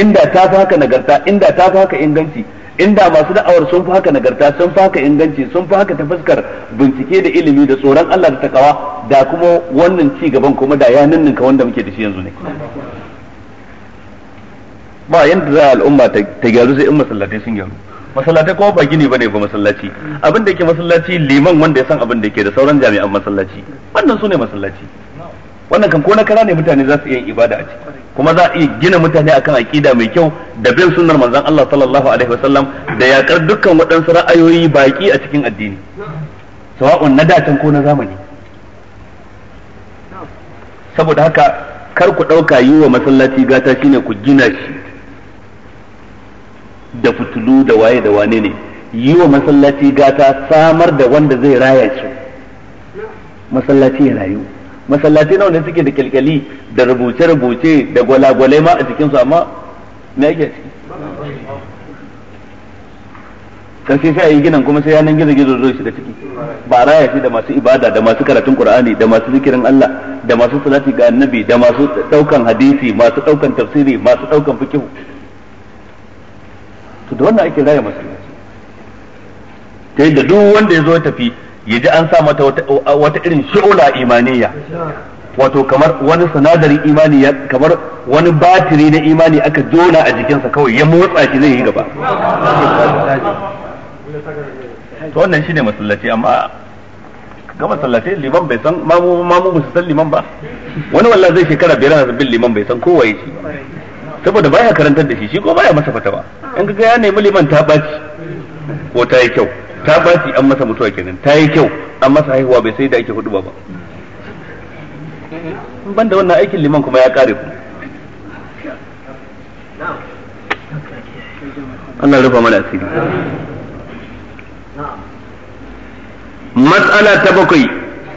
inda ta fi haka nagarta inda ta fi haka inganci inda masu da'awar sun fi haka nagarta sun fi haka inganci sun fi haka ta fuskar bincike da ilimi da tsoron Allah da takawa da kuma wannan ci gaban kuma da ya ninninka wanda muke da shi yanzu ne ba yanda za al'umma ta gyaru sai in masallatai sun gyaru masallatai kuma ba gini bane ba masallaci abin da yake masallaci liman wanda ya san abin da yake da sauran jami'an masallaci wannan su ne masallaci wannan kan ko na kara ne mutane za su iya ibada a ciki kuma za a iya gina mutane akan aqida mai kyau da bin sunnar manzon Allah sallallahu alaihi wasallam da yakar dukkan waɗansu ra'ayoyi baki a cikin addini sawa'un na datan ko na zamani saboda haka kar ku ɗauka yi wa masallaci gata shine ku gina shi da fitulu da waye da wane ne yi masallaci gata samar da wanda zai raya masallaci ya rayu masallaci nawa ne suke da kyalkyali da rubuce-rubuce da gwalagwale ma a cikinsu amma me ake Kashi sai a yi ginin kuma sai yanan gizo gizo zo shi da ciki ba raya shi da masu ibada da masu karatun qur'ani da masu zikirin Allah da masu salati ga annabi da masu daukan hadisi masu daukan tafsiri masu daukan fiqh to da wannan ake raya masallaci ta yadda duk wanda ya zo tafi ya ji an sa mata wata irin shi'ula imaniya wato kamar wani sinadarin imani ya kamar wani batiri na imani aka jona a jikinsa kawai ya motsa shi zai yi gaba to wannan shine masallaci amma ga masallaci liman bai san mamu mamu mu su san liman ba wani wallahi zai shekara biyar na bin liman bai san kowa yake saboda baya karantar da shi shi ko baya masa fatawa in ga ya nemi liman ta baci ko ta yi kyau ta baci an masa mutuwa kenan ta yi kyau an masa haihuwa bai sai da ake hudu ba ba ban da wannan aikin liman kuma ya kare ku Allah rufa mana asiri mas'ala ta bakwai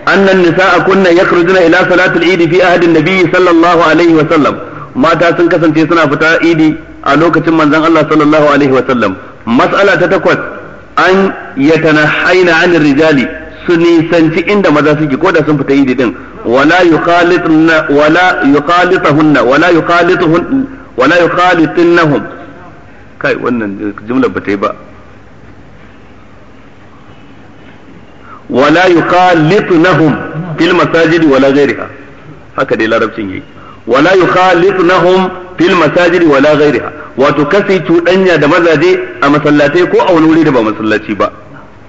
annan nisa'a kunna yakhrujuna ila salatul idi fi ahadin nabiyyi sallallahu alaihi wa sallam mata sun kasance suna fita idi a lokacin manzon Allah sallallahu alaihi wa sallam mas'ala ta takwas an haina an rijali su nisanci inda maza suke ko da sun fita yi didin wala yukhalituna wala yukhalitahunna wala yukhalituhun wala yukhalitunhum kai wannan jumla ba ta yi ba wala yukhalitunhum fil masajidi wala ghairiha haka dai larabcin yayi wala yukhalitunhum fil masajidi wala ghairiha wato kasi cuɗanya da mazaje a masallatai ko a wani wuri da ba masallaci ba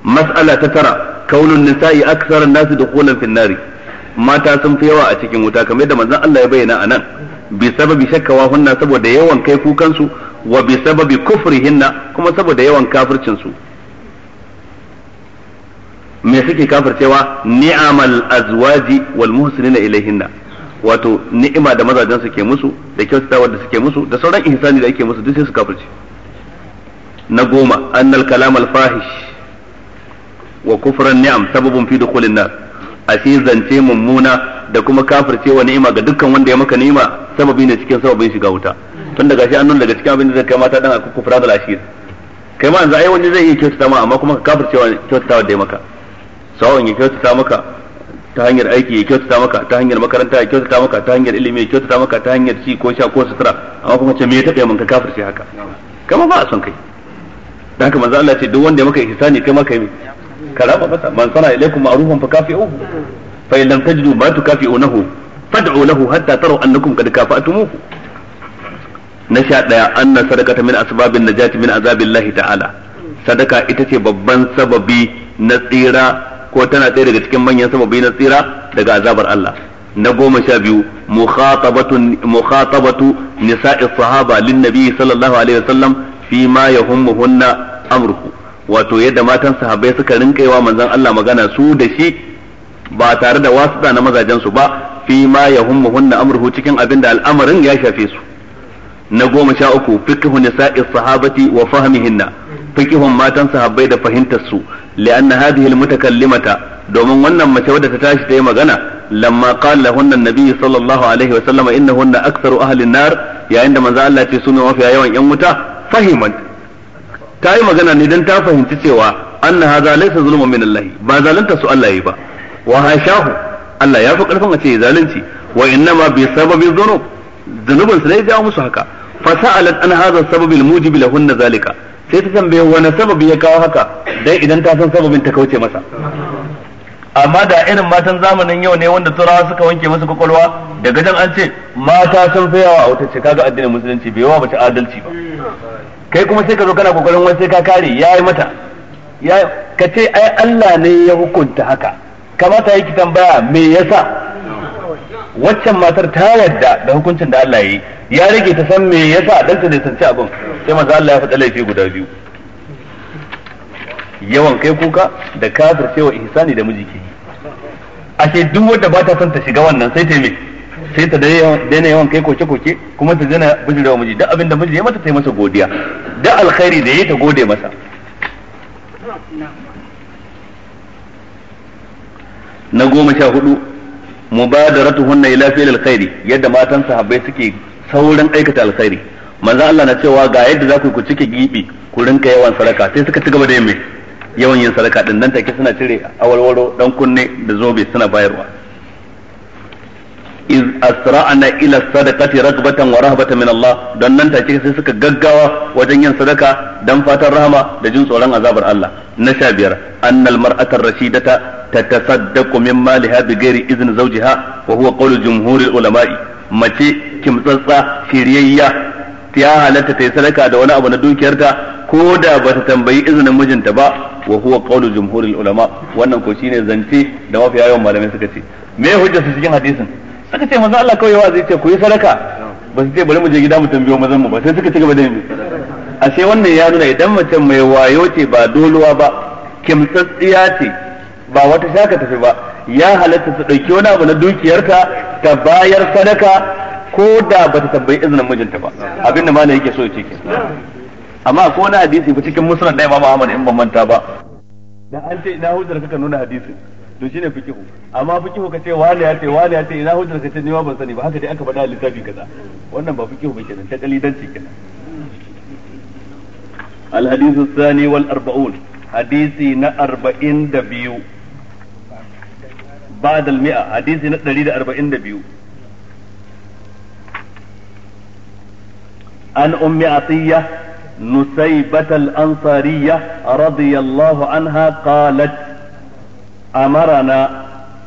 mas'ala ta tara kaunun nisa'i aksarun nasu da kunan finnari mata sun fi yawa a cikin wuta kamar yadda manzon Allah ya bayyana anan nan bi sababi shakkawa hunna saboda yawan kai kukansu wa bi sababi kufrihinna kuma saboda yawan kafircin su me suke kafircewa ni'amal azwaji wal muhsinina ilayhinna wato ni'ima da mazajen su ke musu da kyautatawa da suke musu da sauran ihsani da ake musu duk sai su kafirci na goma annal kalam al fahish wa kufran ni'am sababun fi dukhulin nar ashe zance mummuna da kuma wa ni'ima ga dukkan wanda ya maka ni'ima sababi ne cikin sababin shiga wuta tun daga shi an nuna daga cikin abin da zai kai mata dan a kufra da ashir kai ma yanzu ai wani zai iya kyautata ma amma kuma ka kafircewa kyautatawa da ya maka sawan ya kyautata maka ta hanyar aiki ya kyautata maka ta hanyar makaranta ya kyautata maka ta hanyar ilimi ya kyautata maka ta hanyar ci ko sha ko sutura amma kuma ce me ya taɓa mun ka kafirce haka kama ba a son kai dan haka manzo Allah ce duk wanda ya maka ihsani kai maka yi karama masa man sana ilaikum ma'rufan fa kafi'uhu fa in lam tajidu ma tukafi'unahu fad'u lahu hatta taraw annakum qad kafa'tumuhu na sha daya anna sadaqata min asbabin najati min azabillahi ta'ala sadaka ita ce babban sababi na tsira ko tana ɗaya daga cikin manyan sababbi na tsira daga azabar Allah na goma sha biyu mukhatabatu nisa'i sahaba lin nabi sallallahu alaihi wasallam fi ma yahummuhunna amruhu wato yadda matan sahabbai suka rinka yawa manzan Allah magana su da shi ba tare da wasuɗa na mazajen su ba fi ma yahummuhunna amruhu cikin abin da al'amarin ya shafe su na goma sha uku fiqhu nisa'i sahabati wa fahmihinna fiqihun matan sahabbai da fahimtar su li'anna hadhihi almutakallimata domin wannan mace wadda ta tashi ta yi magana lamma qala lahunna nabi sallallahu alaihi wa sallama innahunna aktharu ahli an-nar yayin da manzo Allah ce su ne mafiya yawan yan wuta fahimat ta yi magana ne dan ta fahimci cewa anna hadha laysa zulmun min Allah ba zalunta su Allah yi ba wa hashahu Allah ya fi karfin a ce zalunci wa innama bi sababi dhunub dhunubun sai ya jawo musu haka fasa'alat an hadha sababil mujibi lahunna zalika sai ta tambaye wani sababi ya kawo haka dai idan ta san sababin ta kauce masa amma da irin matan zamanin yau ne wanda turawa suka wanke masa kwakwalwa daga jan an ce mata sun fi yawa a wata ce kaga addinin musulunci bai yawa bace adalci ba kai kuma sai ka zo kana kokarin wani sai ka kare yayi mata ya ka ce ai Allah ne ya hukunta haka kamata yake tambaya me yasa waccan matar ta yarda da hukuncin da Allah yi ya rage ta san me yasa danta ne sanci abin sai manzo Allah ya faɗa laifi guda biyu yawan kai kuka da kafir cewa ihsani da miji ke ashe duk wanda ba ta son ta shiga wannan sai ta me sai ta daina yawan kai koke koke kuma ta jana bijirewa miji duk abin da miji ya mata sai masa godiya da alkhairi da yayi ta gode masa na goma sha hudu mubadaratuhunna ila fi'l alkhairi yadda matan sahabbai suke saurin aikata alkhairi manzo Allah na cewa ga yadda za ku ku cike gibi ku rinka yawan sadaka sai suka ci gaba da yin yawan yin sadaka din take suna cire awalwaro dan kunne da zobe suna bayarwa iz asra'na ila sadaqati ragbatan wa rahbatan min Allah dan nan take sai suka gaggawa wajen yin sadaka dan fatan rahama da jin tsoron azabar Allah na sha biyar annal mar'ata rashidata tatasaddaqu min maliha ghairi izni zawjiha wa huwa qawlu jumhuril ulama'i mace kimtsatsa shiriyayya ya halatta ta yi sadaka da wani abu na dukiyarta ko da ba ta tambayi izinin mijinta ba wa huwa qawlu jumhuril ulama wannan ko shine zance da mafiya yawan malamai suka ce me hujjar su cikin hadisin aka ce manzo Allah kawai zai ce ku yi sadaka ba su ce bari mu je gida mu tambayo mazan mu ba sai suka ci gaba da yin sai wannan ya nuna idan mace mai wayo ce ba doluwa ba kimtsatsiya ce ba wata shaka tafi ba ya halatta ta ɗauki wani abu na dukiyarta ta bayar sadaka ko da ba ta tambayi izinin mijinta ba abin da malam yake so ce ke amma ko wani hadisi ba cikin musulun da ba ma'amar in ban manta ba da an ce ina hujjar kaka nuna hadisi? to shine fikihu amma fikihu ka ce wani ya ce wani ya ce ina hujjar ka ce ni ban sani ba haka dai aka faɗa littafi kaza wannan ba fikihu ba kenan ta kalidanci kenan al hadith thani wal والأربعون hadisi na 42 بعد al حديثي hadisi na 142 an ummi atiya nusaybat al ansariya radiyallahu anha qalat أمرنا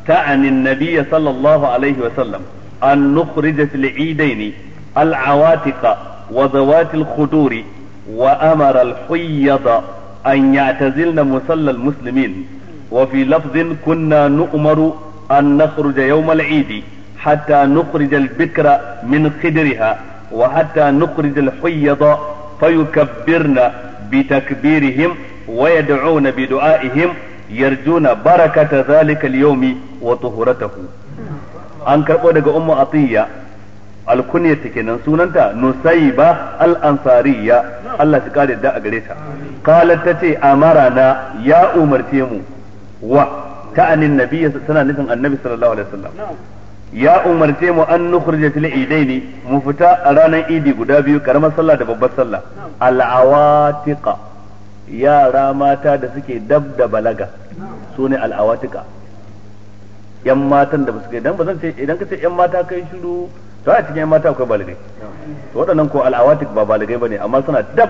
تعني النبي صلى الله عليه وسلم أن نخرج في العيدين العواتق وذوات الخدور وأمر الحيض أن يعتزلن مصلى المسلمين وفي لفظ كنا نؤمر أن نخرج يوم العيد حتى نخرج البكر من خدرها وحتى نخرج الحيض فيكبرن بتكبيرهم ويدعون بدعائهم yarjuna barakata zalika al-yawmi wa tuhuratahu an karbo daga ummu atiya alkunyar take kenan sunanta nusayba al-ansariya Allah shi kare da a gare ta qalat tace amarana ya umarce mu wa ta'anin nabiyyi tana nufin annabi sallallahu alaihi wasallam ya umarce mu an nukhrija fil idaini mu fita a ranar idi guda biyu karamar sallah da babbar sallah al-awatiqa yara mata da suke dab da balaga su ne al'awatika yan matan da ba su kai dan ba zan ce idan ka ce yan mata kai shiru to a cikin yan mata akwai balagai to waɗannan ko al'awatik ba balagai bane amma suna dab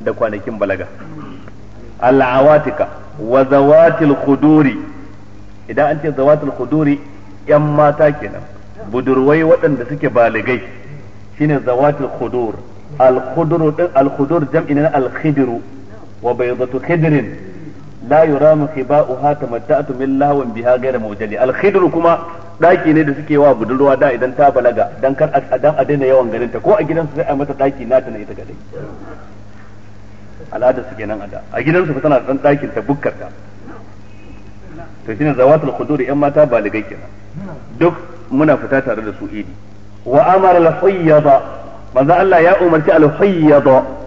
da kwanakin balaga al'awatika wa zawatil khuduri idan an ce zawatil khuduri yan mata kenan budurwai waɗanda suke balagai shine zawatil khudur al-khudur din al-khudur jam'i al-khidru wa baydatu khidrin la yuramu khiba'uha tamatta'tu min lahwan biha ghayra mujali al khidru kuma daki ne da suke wa budurwa da idan ta balaga dan kar a dan a daina yawan garinta ko a gidansu sai a mata daki nata na ita kadai al'adar su kenan ada a gidansu fa tana da dan dakin ta bukkar ta to shine zawatul khuduri yan mata baligai kenan duk muna fita tare da su idi wa amara al-hayyada manzo Allah ya umarci al-hayyada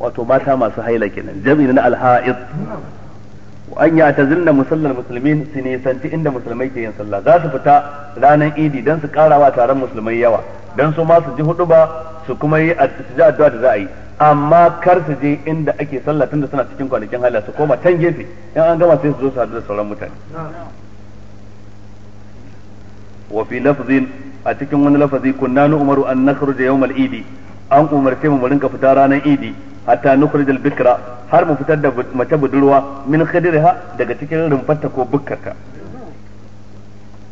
wato mata masu haila kenan jami'in na alha'id wa an ya tazilna musallar musulmin su nisanci inda musulmai ke yin sallah za su fita ranar idi don su karawa taron musulmai yawa don su ma su ji hudu ba su kuma yi addu'a da za a yi amma kar su je inda ake sallah tunda suna cikin kwanakin haila su koma can gefe in an gama sai su zo su haɗu da sauran mutane wa fi lafzin a cikin wani lafazi kunna nu umaru an nakhruja yawmal idi an umarce mu mu rinka fita ranar idi hatta nukhrij al-bikra har mu fitar da mace budurwa min khidriha daga cikin rumfarta ko bukkarta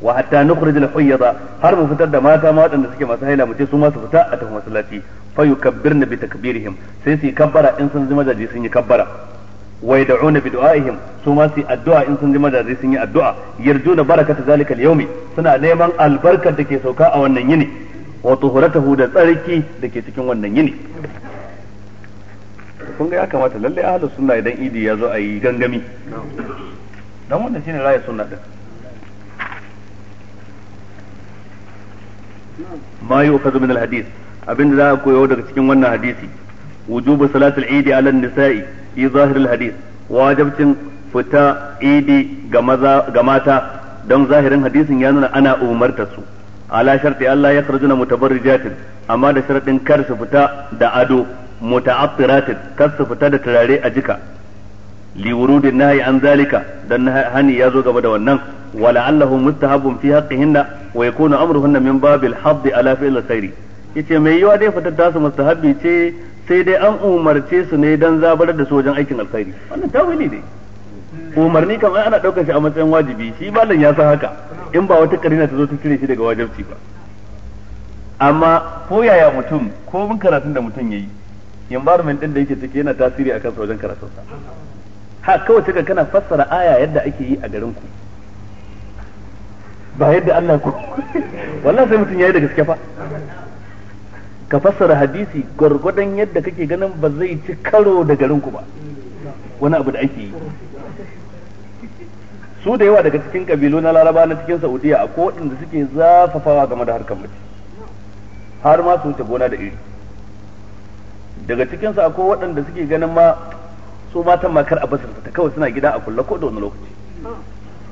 wa hatta nukhrij al huyada har mu fitar da mata ma waɗanda suke masu haila mu ce su ma su fita a tafi masallaci fa yukabbirna bi takbirihim sai su yi kabbara in sun ji mazaji sun yi kabbara wa yad'una bi du'aihim su ma su addu'a in sun ji mazaji sun yi addu'a yarjuna barakata zalika al-yawmi suna neman albarkar da ke sauka a wannan yini wa tuhuratahu da tsarki da ke cikin wannan yini kun ga ya kamata lalle ahlus sunna idan idi ya zo a yi gangami dan wannan shine raya sunna din ma yu'khadhu min al abinda za a koyo daga cikin wannan hadisi wujubu salatul idi ala nisa'i fi zahiril hadis, wajibcin fita idi ga maza ga mata don zahirin hadisin ya nuna ana umarta su ala sharti Allah ya kharjuna mutabarrijatin amma da sharadin kar su fita da ado muta'attiratin kar su fita da turare a jika li wurudin nahyi an zalika dan hani ya zo gaba da wannan wala allahu mustahabun fi haqqihinna wa yakunu amruhunna min babil hadd ala fi'l khairi yace mai yiwa dai fitar da su mustahabi ce sai dai an umarce su ne dan zabar da su wajen aikin alkhairi wannan tawili ne umarni kamar ai ana daukar shi a matsayin wajibi shi mallan ya san haka in ba wata karina ta zo ta cire shi daga wajibci ba amma ko yaya mutum ko mun karatun da mutum yayi environment din da yake ciki yana tasiri akan sa wajen karatu sa ha kawai tuka kana fassara aya yadda ake yi a garin ku ba yadda Allah ku wallahi sai mutum yayi da gaske fa ka fassara hadisi gwargwadon yadda kake ganin ba zai ci karo da garin ku ba wani abu da ake yi su da yawa daga cikin kabilu na laraba na cikin saudiya a waɗanda suke zafafawa game da harkar mace har ma su wuce gona da iri daga cikin su akwai waɗanda suke ganin ma su matan makar a basir ta kawai suna gida a kulle ko da wani lokaci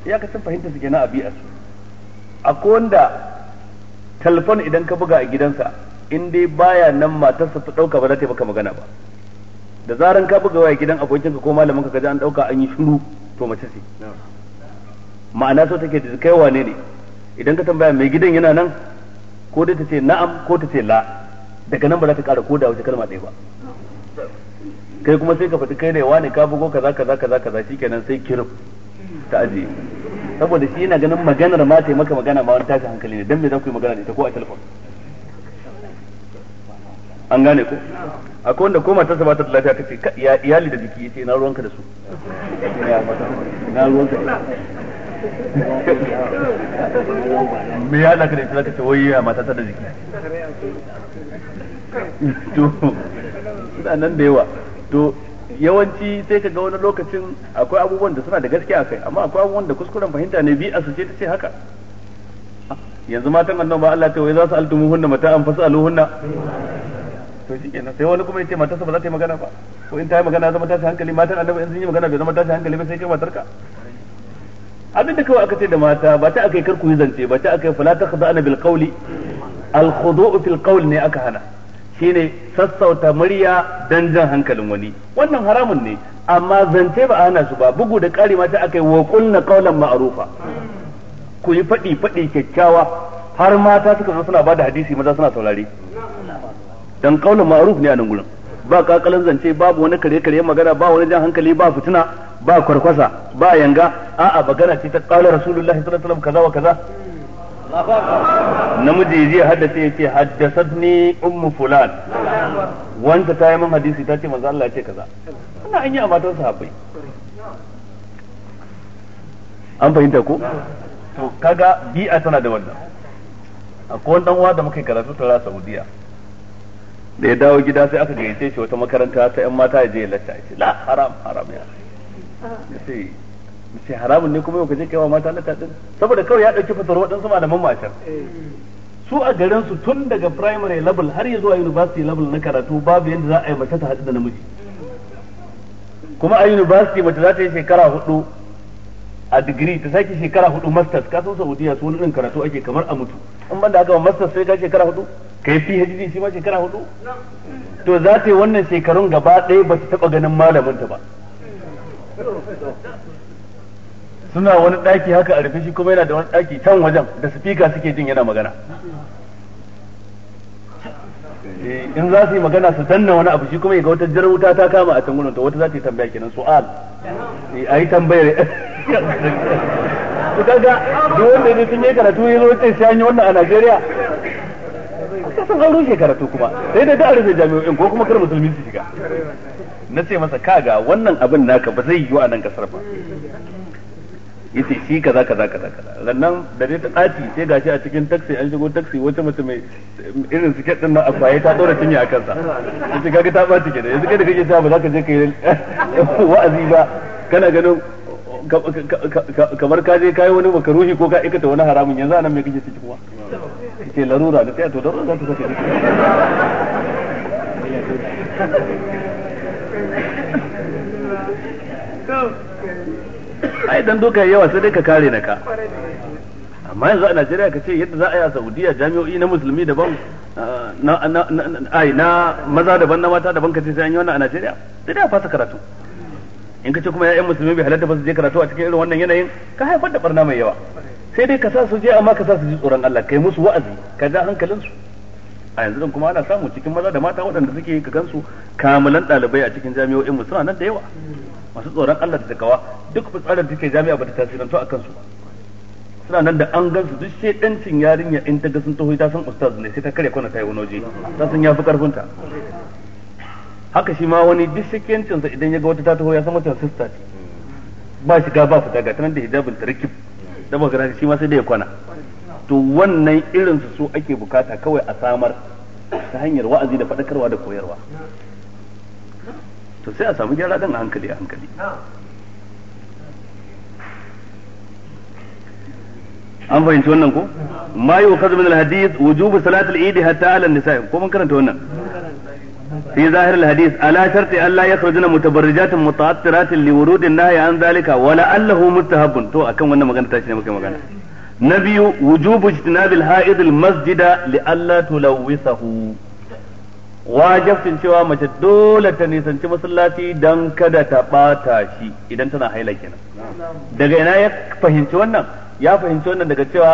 ya ka fahimta su na a su akwai wanda telefon idan ka buga a gidansa in dai baya nan matarsa ta ɗauka ba za ta yi maka magana ba da zaran ka buga waya gidan abokinka ko malamin ka kaji an ɗauka an yi shiru to mace ce ma'ana so take da kai wane ne idan ka tambaya mai gidan yana nan ko dai ta ce na'am ko ta ce la daga nan ba za ka ƙara koda wata kalma ɗaya ba kai kuma sai ka faɗi kai ne wani ka bugo kaza kaza kaza kaza shikenan sai kirim ta ajiye saboda shi yana ganin maganar ma ta maka magana ma wani tashin hankali ne dan me za ku yi magana da ita ko a telefon an gane ko akwai wanda ko matarsa ba ta da lafiya tace ya iyali da jiki yace na ruwanka da su na ruwanka me ya alaka da ita zaka ce wai matata da jiki to suna nan da yawa to yawanci sai ka ga wani lokacin akwai abubuwan da suna da gaskiya kai amma akwai abubuwan da kuskuren fahimta ne bi a su ce ta ce haka yanzu matan annabi ba Allah ta wai za su hunna mata an fasaluhunna to shi kenan sai wani kuma ya ce matarsa ba za ta yi magana ba ko in ta yi magana zama tashi hankali matan annabi in sun yi magana bai zama tashi hankali ba sai kai matarka abinda kawai aka ce da mata ba ta aka yi karku yi zance ba ta aka yi fala ta khada'na bil qawli al khudu'u fil qawl ne aka hana shine sassauta murya dan jan hankalin wani wannan haramun ne amma zance ba hana su ba bugu da ƙari mata akai wa qulna qaulan ma'rufa ku yi faɗi faɗi kyakkyawa har mata suka zo suna bada hadisi maza suna saurare dan qaulan ma'ruf ne a nan gurin ba kakalan zance babu wani kare kare magana ba wani jan hankali ba fitina ba kwarkwasa ba yanga a'a magana ce ta qala rasulullahi sallallahu alaihi wasallam kaza wa kaza namiji zai haddace ya ce haddasatni ummu fulan wanda ta yi min hadisi ta ce manzo Allah ya ce kaza ina an yi a matan sahabbai an fahimta ko to kaga bi'a tana da wannan akwai wani dan uwa da muka karatu ta ra Saudiya da ya dawo gida sai aka gayyace shi wata makaranta ta yan mata ya je ya lacca ya ce la haram haram ya ce sai haramun ne kuma yau ka kai wa mata na tadin saboda kawai ya dauki fasar waɗansu malaman matar eh. su a garin su tun daga primary level har zuwa university level na karatu babu yadda za a yi mace ta haɗu da namiji kuma a university mace za ta yi shekara hudu a digiri ta sake shekara hudu masters ka san saudiya su wani din karatu ake kamar a mutu in banda aka masters sai ka shekara hudu ka yi phd shi ma shekara hudu to za ta yi wannan shekarun gaba ɗaya ba su taɓa ganin malamin ta ba eh. suna wani daki haka a rufe shi kuma yana da wani daki can wajen da speaker suke jin yana magana eh, in za su yi magana su danna wani abu shi kuma ya ga wata jar wuta ta kama a can to wata za ta yi tambaya kenan su'al eh, a yi tambayar su kaga da wanda ne sun yi karatu ya zo ce sai wannan a Najeriya ka san an rushe karatu kuma sai da da rufe jami'o'in ko kuma kar musulmi su shiga na ce masa kaga wannan abin naka ba zai yiwu a nan kasar ba yace shi kaza kaza kaza kaza sannan da dai ta tsaci sai gashi a cikin taxi an shigo taxi wata mace mai irin su din nan a ta dora cinya a kansa yace kaga ta ba tike da yanzu kai da kake ta ba za ka je kai wa'azi ba kana ganin kamar ka je kai wani makaruhi ko ka aikata wani haramun yanzu anan mai kake ciki kuma ce larura da kai to da za ka kace Go. ai dan doka yawa sai dai ka kare na ka amma yanzu a Najeriya ka ce yadda za a yi a Saudiya jami'o'i na musulmi daban ah, na ai na maza daban na mata daban ka ce sai an yi wannan a Najeriya sai dai a fasa karatu in ka ce kuma ya'yan musulmi bai halatta ba su je karatu a cikin irin wannan yanayin ka haifar da barna mai yawa sai dai ka sa su je amma ka sa su ji tsoron Allah kai musu wa'azi ka ja hankalinsu a yanzu din kuma ana samu cikin maza da mata waɗanda suke ka gansu kamalan ɗalibai a cikin jami'o'in musulmi suna nan da yawa masu tsoron Allah da kawa duk fitsarin take jami'a bata tasirantu akan su suna nan da an gansu duk shedancin yarinya in ta ga sun taho ta san ustaz ne sai ta kare kwana ta yi wani waje ta san fi karfin ta haka shi ma wani duk shekencin sa idan ya ga wata ta taho ya san wata sister ce ba shiga ba fita ga tanan da hijabin ta rikib da magana shi ma sai da ya kwana to wannan irin su ake bukata kawai a samar ta hanyar wa'azi da faɗakarwa da koyarwa to sai a samu gyara din a hankali a hankali an fahimci wannan ko ma yi wa kazumin alhadis wujubu salat al'idi hatta ala nisa ko mun karanta wannan fi zahir alhadis ala sharti an la yakhrujuna mutabarrijatin muta'attiratin li wurudin nahyi an zalika wa la'allahu mustahabbun to akan wannan magana ta tashi ne muke magana na biyu wujubu ijtinabil ha'id al-masjida li alla tulawwisahu wajabtin cewa mace dole ta nisanci masallaci don kada ta bata shi idan tana haila kenan daga ina ya fahimci wannan ya fahimci wannan daga cewa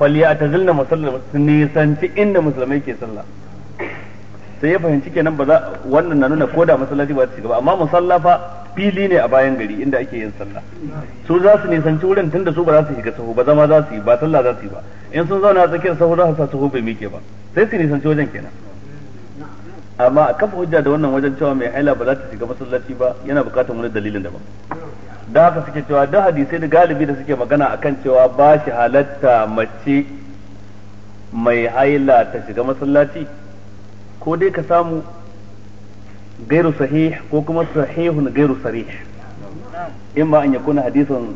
faliya ta zilna masallaci su nisanci inda musulmai ke sallah sai ya fahimci kenan ba za wannan na nuna koda masallaci ba su gaba amma musallafa fili ne a bayan gari inda ake yin sallah su za su nisanci wurin tunda su ba za su shiga sahu ba zama za su yi ba sallah za su yi ba in sun zauna a tsakiyar sahu za su sa sahu bai mike ba sai su nisanci wajen kenan amma a kafa hujja da wannan wajen cewa mai haila ba za ta shiga masallaci ba yana bukatar wani dalilin daban da haka suke cewa da hadisai da galibi da suke magana akan cewa ba shi halatta mace mai haila ta shiga masallaci ko dai ka samu gairu sahih ko kuma sahihun gairu sarih ma an kuna hadisun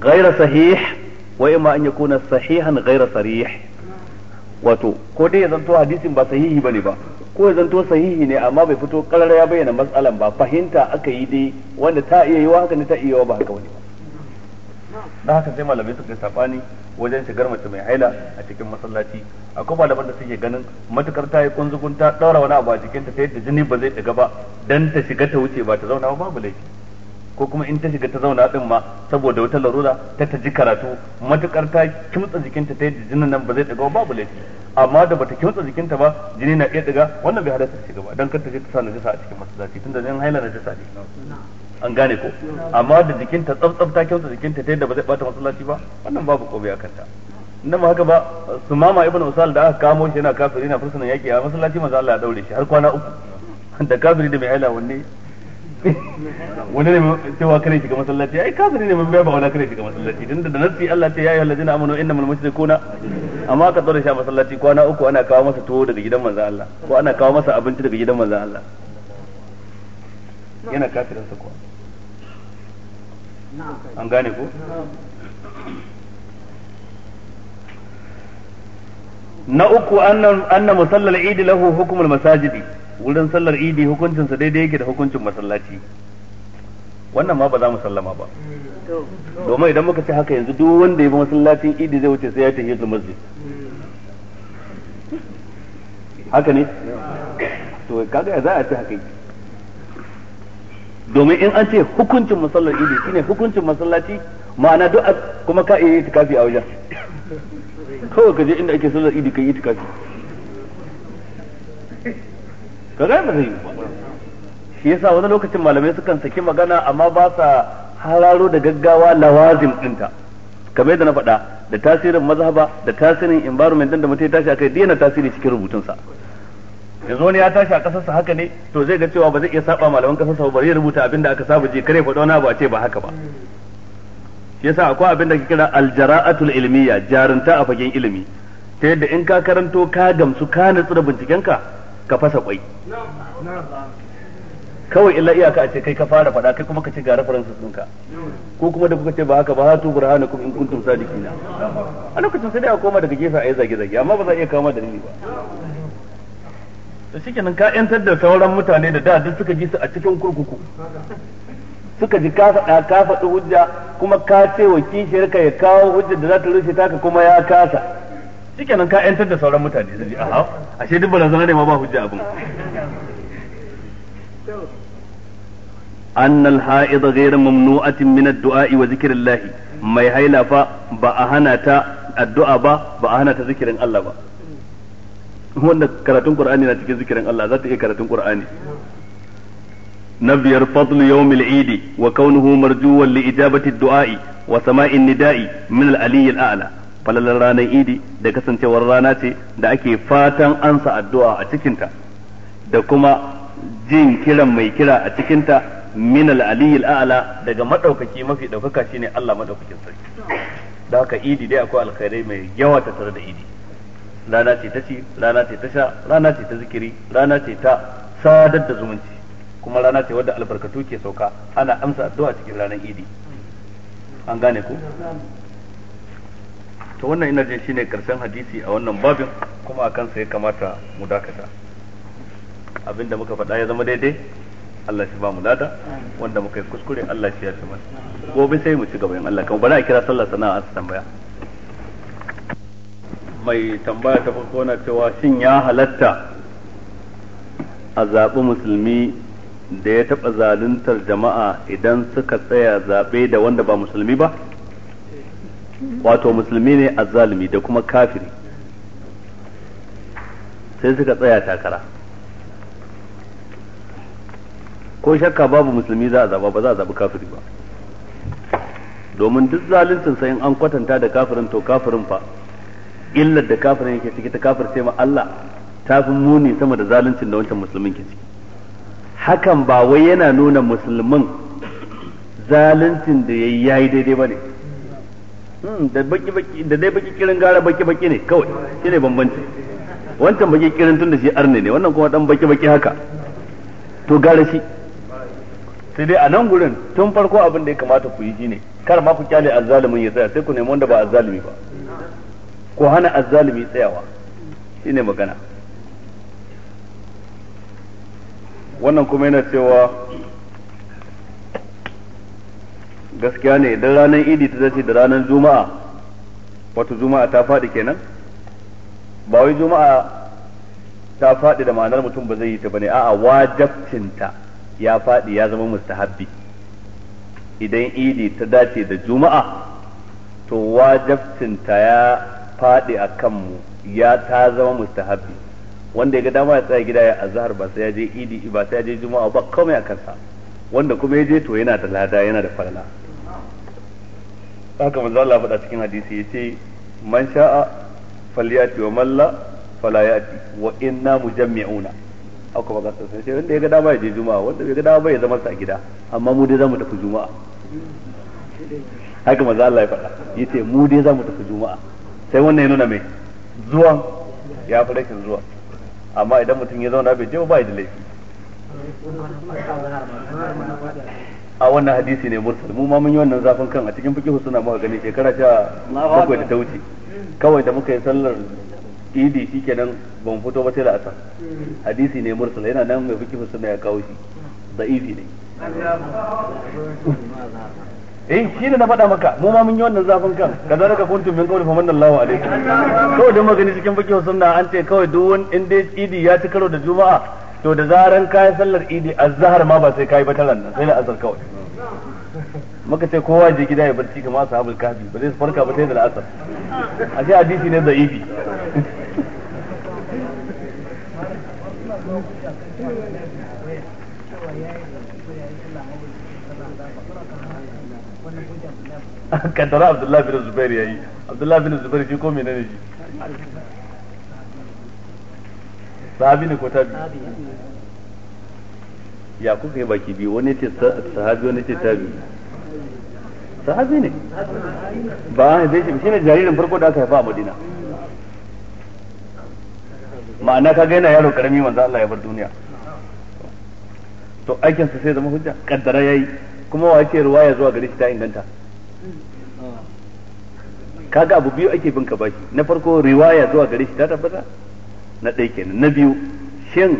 gaira sahih wa in ma an kuna sahihan gaira sarih wato ko dai ya zanto hadisin ba sahihi bane ba ko ya zanto sahihi ne amma bai fito karara ya bayyana matsalan ba fahimta aka yi dai wanda ta iya yi wa haka ne ta iya wa ba haka wani ba haka sai malamai suka yi sabani wajen shigar mace mai haila a cikin masallaci akwai malaman da suke ganin matukar ta yi kunzugun ta daura wani abu a jikinta ta yadda jini ba zai daga ba dan ta shiga ta wuce ba ta zauna ba babu laifi ko kuma in ta shiga ta zauna din ma saboda wata larura ta ta ji karatu matukar ta kimtsa jikinta ta yadda jinin nan ba zai daga babu laifi amma da bata kimtsa jikinta ba jini na iya daga wannan bai halatta shiga ba dan kar ta je ta sa najasa a cikin masallaci tunda jin haila na jisa ne an gane ko amma da jikinta tsaftsaf ta kimtsa jikinta ta yadda ba zai bata masallaci ba wannan babu kobe akan ta nan haka ba su mama ibnu usal da aka kamo shi yana kafiri na fursunan yaki a masallaci manzo Allah ya daure shi har kwana uku da kafiri da mai haila wanne wani ne cewa kare shiga masallaci ai kafiri ne mun bai ba wani kare shiga masallaci tun da nasi Allah ce ya ayyuhal ladina amanu innamal mushrikuna amma ka tsara shi a masallaci kwana uku ana kawo masa tuwo daga gidan manzon Allah ko ana kawo masa abinci daga gidan manzon Allah yana kafirin sa kuwa an gane ko na uku anna anna musallal idi lahu hukumul masajidi wurin sallar idi hukuncinsa daidai yake da hukuncin masallaci wannan ma ba za mu sallama ba domin idan muka ce haka yanzu duk wanda ya bi masallacin idi zai wuce sai ya tafi masjid haka ne to kaga za a ce haka domin in an ce hukuncin masallar idi shine hukuncin masallaci ma'ana duk kuma ka iya itikafi a wajen kawai ka je inda ake sallar idi ka yi itikafi kaga ba zai yi ba shi yasa wani lokacin malamai sukan saki magana amma ba sa hararo da gaggawa lawazim dinta kamar yadda na faɗa da tasirin mazhaba da tasirin environment din da mutum ya tashi akai dina yana tasiri cikin rubutunsa yanzu wani ya tashi a kasarsa haka ne to zai ga cewa ba zai iya saba malaman kasarsa ba zai rubuta abin da aka saba je kare faɗo na ba ce ba haka ba shi yasa akwai abin da ke kira aljara'atul ilmiya jarinta a fagen ilimi ta yadda in ka karanto ka gamsu ka nutsu da bincikenka ka fasa kwai kawai illa iyaka a ce kai ka fara faɗa kai kuma ka ce ga references ɗinka ko kuma da kuka ce ba haka ba burhana kuma in kuntum sadiqina a lokacin sai dai a koma daga gefe a yi zage zage amma ba za a iya kawo ma dalili ba to shikenan ka yantar da sauran mutane da da duk suka ji su a cikin kurkuku suka ji ka faɗa ka faɗi hujja kuma ka ce wa kishiyarka ya kawo hujjar da za ta rushe taka kuma ya kasa shikenan ka yantar da sauran mutane su ji a ashe duk barazana ne ma ba hujja abin أن الحائض غير ممنوعة من الدعاء وذكر الله ما يهيلا فا بأهنة الدعاء با بأهنة ذكر الله با wanda karatun Qur'ani na cikin zikirin Allah za ta iya karatun Qur'ani na biyar fadlu yawmil idi wa kaunuhu marjuwan li ijabati du'a'i wa sama'in nida'i min al-aliyyi al-a'la falalar ranar idi da kasancewar rana ce da ake fatan ansa addu'a a cikinta da kuma jin kiran mai kira a cikinta min al-aliyyil a'la daga madaukaki mafi daukaka shine Allah madaukakin sarki da haka idi dai akwai alkhairai mai yawa tare da idi rana ce ta ci rana ce ta sha rana ce ta zikiri rana ce ta sadar da zumunci kuma rana ce wadda albarkatu ke sauka ana amsa addu'a cikin ranar idi an gane ku to wannan ina jin shine karshen hadisi a wannan babin kuma akan sai ya kamata mu dakata abinda muka faɗa ya zama daidai Allah shi ba mu lada wanda muka yi kuskure Allah shi ya shi mana gobe sai mu ci gaba in Allah kuma bana a kira sallah sana'a ta tambaya mai tambaya ta farko na cewa shin ya halatta a zaɓi musulmi da ya taɓa zaluntar jama'a idan suka tsaya zaɓe da wanda ba musulmi ba wato musulmi ne azzalimi da kuma kafiri sai suka tsaya takara ko shakka babu musulmi za a zaba ba za a zaba kafiri ba domin duk zaluncin sai an kwatanta da kafirin to kafirin fa illar da kafirin yake ciki ta kafir sai ma Allah ta fi muni sama da zaluncin da wancan musulmin ke ciki hakan ba wai yana nuna musulmin zaluncin da yayi yayi daidai ba ne Hmm, da baki baki da dai baki kirin gara baki baki ne kawai shine bambanci wancan baki kirin tun da shi arne ne wannan kuma dan baki baki haka to gara shi sai dai a nan gurin tun farko abin da ya kamata ku yi shine kar ma ku kyale azzalumin ya tsaya sai ku nemi wanda ba azzalumi ba ku hana azzalumi tsayawa shine magana wannan kuma yana cewa gaskiya ne idan ranar idi ta zace da ranar juma'a wato juma'a ta faɗi kenan ba wai juma'a ta faɗi da ma'anar mutum ba zai yi ta bane a'a wajabcinta ya faɗi ya zama mustahabbi idan idi ta dace da juma'a to wajabcinta ya faɗi a kanmu ya ta zama mustahabbi wanda ya ga dama ya tsaya gida ya azhar ba sai ya je idi ba sai ya je juma'a ba komai a kansa wanda kuma ya je to yana da lada yana da farla haka manzo Allah faɗa cikin hadisi yace man sha'a falyati wa malla fala yati wa inna mujammi'una haka ba sai sai wanda ya ga dama ya je juma'a wanda bai ga dama ba ya zama sa gida amma mu dai zamu tafi juma'a haka manzo Allah ya faɗa yace mu dai zamu tafi juma'a sai wannan ya nuna mai zuwa ya fi rashin zuwa amma idan mutum ya zauna bai je ba ya da laifi a wannan hadisi ne mursal mu ma mun yi wannan zafin kan a cikin fiqh suna muka gani shekara ta bakwai da ta wuce kawai da muka yi sallar idi shikenan ban fito ba sai da asar hadisi ne mursal yana nan mai fiqh suna ya kawo shi da idi ne eh shi ne na faɗa maka mu ma mun yi wannan zafin kan ka kaza daga kuntum min qawli famanna Allahu alaihi kawai da magani cikin fiqh sunna an ce kawai duk wani inda idi ya ci karo da juma'a to da zaran kayan sallar idi azhar ma ba sai kayi ba taran nan sai da asar kawai muka ce kowa je gida ya barci kamar sahabul kafi ba zai farka ba sai da asar a ce hadisi ne da'ifi kantara abdullahi bin zubair yayi abdullahi bin zubair shi ko menene shi sahabi ne ko tabi ya kuka yi baki biyu wani ce sahabi wani ce tabi sahabi ne ba an zai shi ne jaririn farko da aka haifa a madina ma'ana ka yana yaro karami manzo Allah ya bar duniya to aikin sa sai zama hujja kaddara yayi kuma wa ce ruwaya zuwa gare shi ta inganta kaga abu biyu ake bin ka baki na farko riwaya zuwa gare shi ta tabbata na ɗaya kenan na biyu shin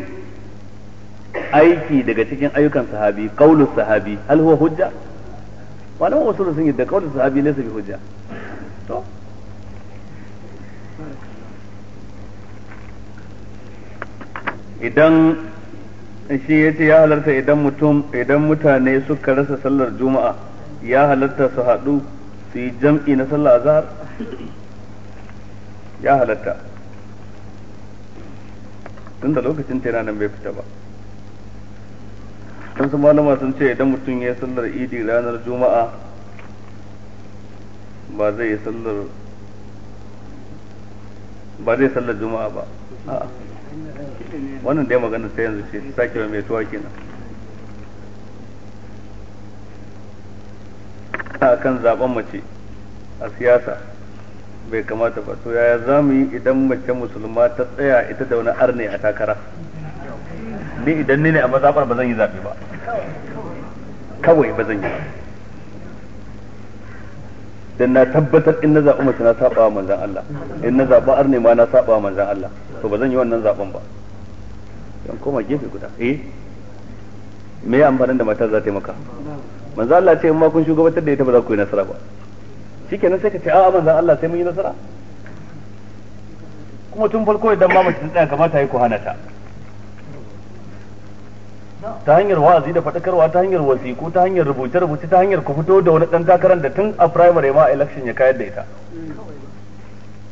aiki daga cikin ayyukan sahabi qaulus sahabi hal huwa hujja malaman usul sun yadda qaulus sahabi su bi hujja to idan shi ya ce ya halarta idan mutum idan mutane suka rasa sallar juma'a ya halarta su haɗu su yi jam'i na sallar azhar ya halarta tun da lokacin ta nan bai fita ba sun su malama sun ce idan mutum ya sallar idi ranar juma'a ba zai sallar ba zai sallar juma'a ba wannan dai magana sai yanzu ce sake mai tuwa kenan a kan zaben mace a siyasa bai kamata ba to yaya za mu yi idan mace musulma ta tsaya ita da wani arne a takara ni idan ni ne a mazaɓar ba zan yi zaɓe ba kawai ba zan yi ba dan na tabbatar in na zaɓi mace na saɓa wa manzan Allah in na zaɓa arne ma na saɓa wa manzan Allah to ba zan yi wannan zaɓen ba dan koma gefe guda eh me ya amfanin da matar za ta yi maka manzan Allah ce in ma kun shugabatar da ita ba za ku yi nasara ba shikenan sai ka ce a'a zan Allah sai mun yi nasara kuma tun farko idan ma mace ta tsaya kamata yi ku hana ta ta hanyar wa'azi da faɗakarwa ta hanyar wasiku ta hanyar rubuce-rubuce ta hanyar ku fito da wani ɗan takarar da tun a primary ma election ya kayar da ita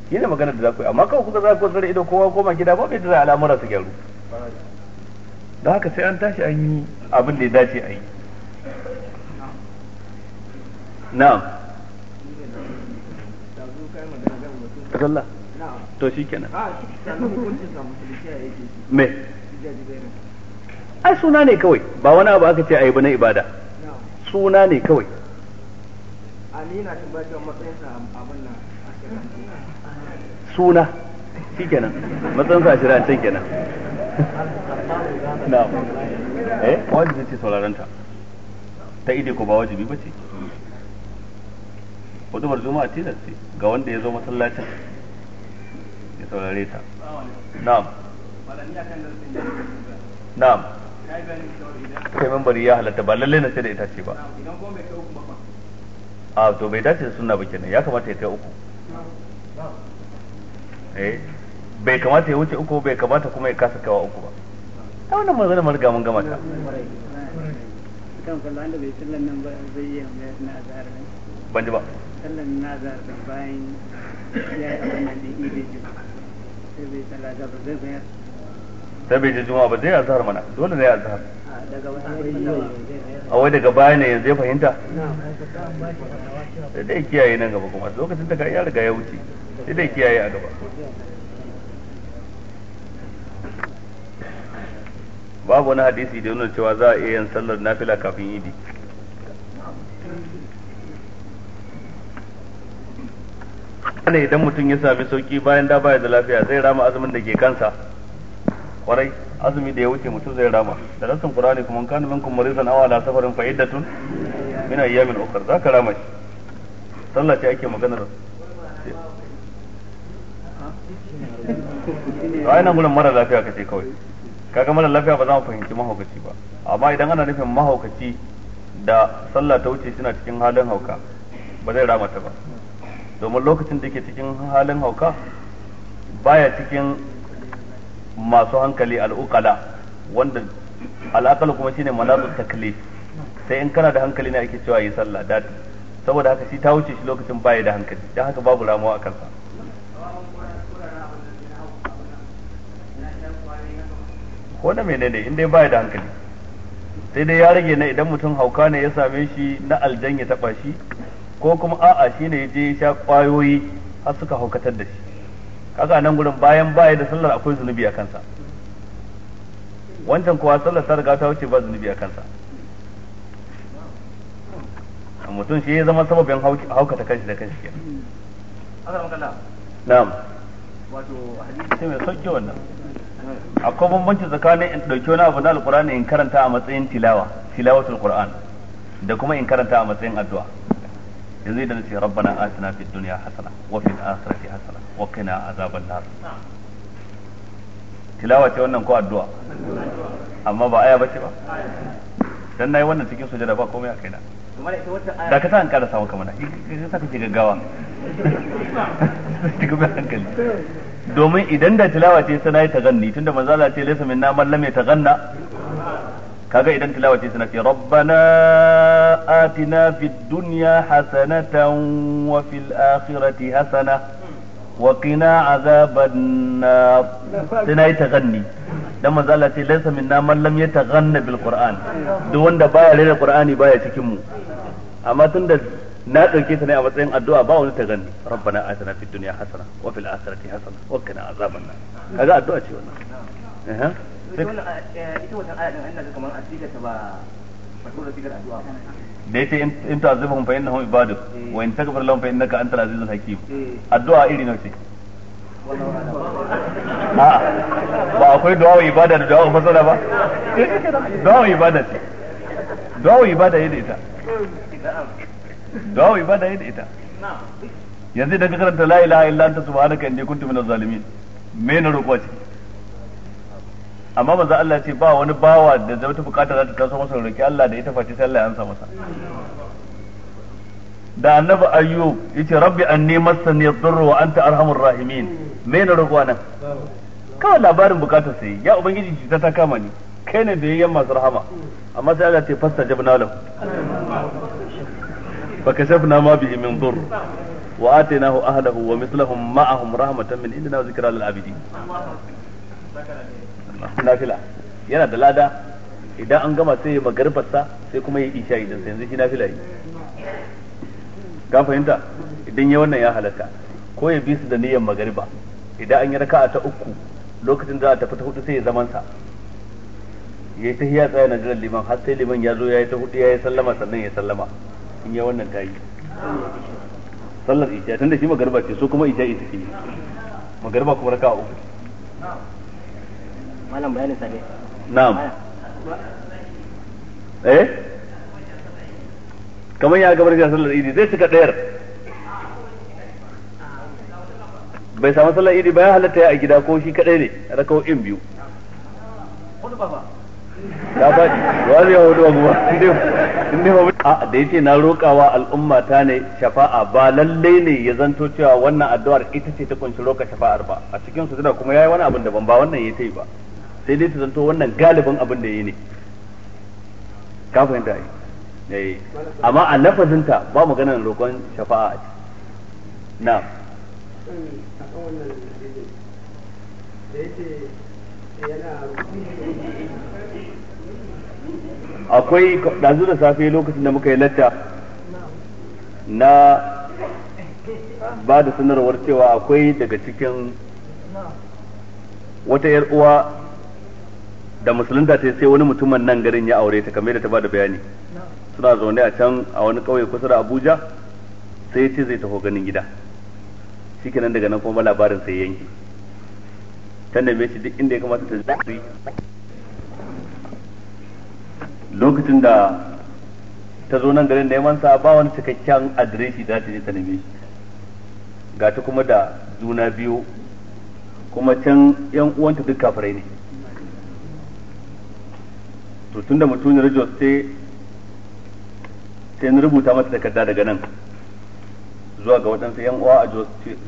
yi ne magana da za ku yi amma kawai kuka za ku zara ido kowa koma gida ba bai da al'amura su gyaru da haka sai an tashi an yi abin da ya dace a yi na'am ta sallah to shi kenan ah, me ai suna ne kawai ba wani abu aka ce a yi ba na ibada suna ne kawai suna shi kenan matsayinsa shi shirya can kenan na eh wajibi ce sauraron ta ta ide ko ba wajibi ba ce hudubar juma'a tilas ce ga wanda ya zo masallacin ya saurare ta na'am na'am kai membari ya halatta ba lallai na sai da ce ba a to bai dace da suna ba kenan ya kamata ya kai uku eh bai kamata ya wuce uku bai kamata kuma ya kasa kawa uku ba ta wannan magana mun riga mun gama da bai nan ba zai na ban ji ba sallan nazar da bayan ya yi abin da ibe sai bai sallah ba zai bayar sai bai ta juma'a ba zai azhar mana dole ne azhar a wai daga baya ne yanzu ya fahimta sai dai kiyaye nan gaba kuma lokacin da ya riga ya wuce sai dai kiyaye a gaba babu wani hadisi da nuna cewa za a iya yin sallar nafila kafin idi ne idan mutum ya sami sauki bayan da baya da lafiya zai rama azumin da ke kansa kwarai azumi da ya wuce mutum zai rama da rasin qur'ani kuma kan minkum maridan awa ala safarin fa iddatun min ayyamin ukhra zaka rama shi sallah ce ake maganar ai nan gurin mara lafiya kace kawai kaga mara lafiya ba za mu fahimci mahaukaci ba amma idan ana nufin mahaukaci da sallah ta wuce suna cikin halin hauka ba zai rama ta ba domin lokacin da ke cikin halin hauka baya cikin masu hankali al'ukala wanda al'akala kuma shine manazu takli sai in kana da hankali ne ake cewa yi sallah da saboda haka shi ta wuce shi lokacin baya da hankali dan haka babu ramuwa a kansa ko na menene in dai baya da hankali sai dai ya rage na idan mutum hauka ne ya same shi na aljan ya taba shi ko kuma a'a shine ya je ya sha kwayoyi har suka haukatar da shi kaga nan gurin bayan baya da sallar akwai zunubi a kansa wancan kuwa sallar ta riga ta wuce ba zunubi a kansa mutum shi ya zama sababin haukata kanshi da kanshi kenan na'am wato mai sauke wannan akwai bambanci tsakanin in ɗauki wani abu na alkur'ani in karanta a matsayin tilawa tilawatul qur'an da kuma in karanta a matsayin addu'a yanzu da ce rabbana atina fid dunya hasana wa fil akhirati hasana wa qina azaban nar tilawa ce wannan ko addu'a amma ba aya bace ba dan nayi wannan cikin sujada ba komai a kaina da ka sa an karasa maka mana ka sa kake gaggawa cikin hankali domin idan da tilawa ce sai nayi taganni tunda manzala ce laysa minna man lam yataganna kaga idan tilawa ce suna ce rabbana atina fid dunya hasanatan wa fil akhirati hasana wa qina azaban nar sai yi taganni dan manzo Allah ce laysa minna man lam yataganna bil qur'an duk wanda baya rena qur'ani baya cikin mu amma tunda na dauke ta ne a matsayin addu'a ba wani taganni rabbana atina fid dunya hasana wa fil akhirati hasana wa qina azaban nar kaga addu'a ce wannan Eh, ita wannan aya din Allah kamar asiga ta ba da yace in ta'azzibhum fa innahum ibaduk eh. wa in taghfir lahum fa innaka antal azizul hakim eh. addu'a iri nawa ce ba akwai du'a wa ibada da du'a fasala ba du'a wa ibada ce du'a wa ibada yadda ita du'a wa ibada yadda ita yanzu idan ka karanta la ilaha illa anta subhanaka inni kuntu minaz zalimin me na roƙo ce amma manzo Allah ce ba wani bawa da da wata bukata za ta taso masa roki Allah da ita face sai Allah ya ansa masa da annabi ayyub yace rabbi anni massani ad-durru wa anta arhamur rahimin me ne roƙo nan kawai labarin bukatar sai ya ubangiji cuta ta kama ni kai ne da yayyan masu rahama amma sai Allah ce fasta jabna lahu fa kashafna ma bihi min dur wa atainahu ahlahu wa mithlahum ma'ahum rahmatan min indina wa zikra lil abidin nafila yana da lada idan an gama sai ya magarfarsa sai kuma ya isha idan sai yanzu shi nafila yi ka fahimta idan ya wannan ya halatta ko ya bi su da niyyar magariba idan an yi a ta uku lokacin da za a tafi ta hudu sai ya zaman sa ta tahiyya tsaya na jiran liman har sai liman ya zo ya yi ta hudu ya yi sallama sannan ya sallama in ya wannan yi. sallar isha tunda shi magariba ce so kuma isha ita ce magariba kuma a uku malam na'am eh? kamar ya gabar da sallar idi zai cika ɗayar bai samu sallar idi ba ya halatta ya a gida ko shi kadai ne rakau in biyu ya faɗi wa zai hudu a guba inda ba a da yace na rokawa al'umma ta ne shafa'a ba lallai ne ya zanto cewa wannan addu'ar ita ce ta kunshi roka shafa'ar ba a cikin su kuma ya yi wani abin ban ba wannan ya ta yi ba sai dai ta zanto wannan galibin abin da ya yi ne ka fahimta ai eh. amma a lafazinta ba maganar roƙon shafa'a a na akwai ɗazu da safe lokacin da muka yi latta na ba da sanarwar cewa akwai daga cikin wata 'yar uwa da musulunta ta sai wani mutumin nan garin ya aure ta kamar da ta bada bayani suna zaune a can a wani kauye kusa da Abuja sai ya ce zai taho ganin gida shikenan daga nan kuma labarin sai yanki ta neme shi duk inda ya kamata ta zai lokacin da ta zo nan garin neman sa ba wani cikakken adireshi za ta je ta neme shi ga ta kuma da juna biyu kuma can yan uwanta duk kafirai ne to tun da mutum sai sai na rubuta mata takarda daga nan zuwa ga waɗansu yan uwa a jos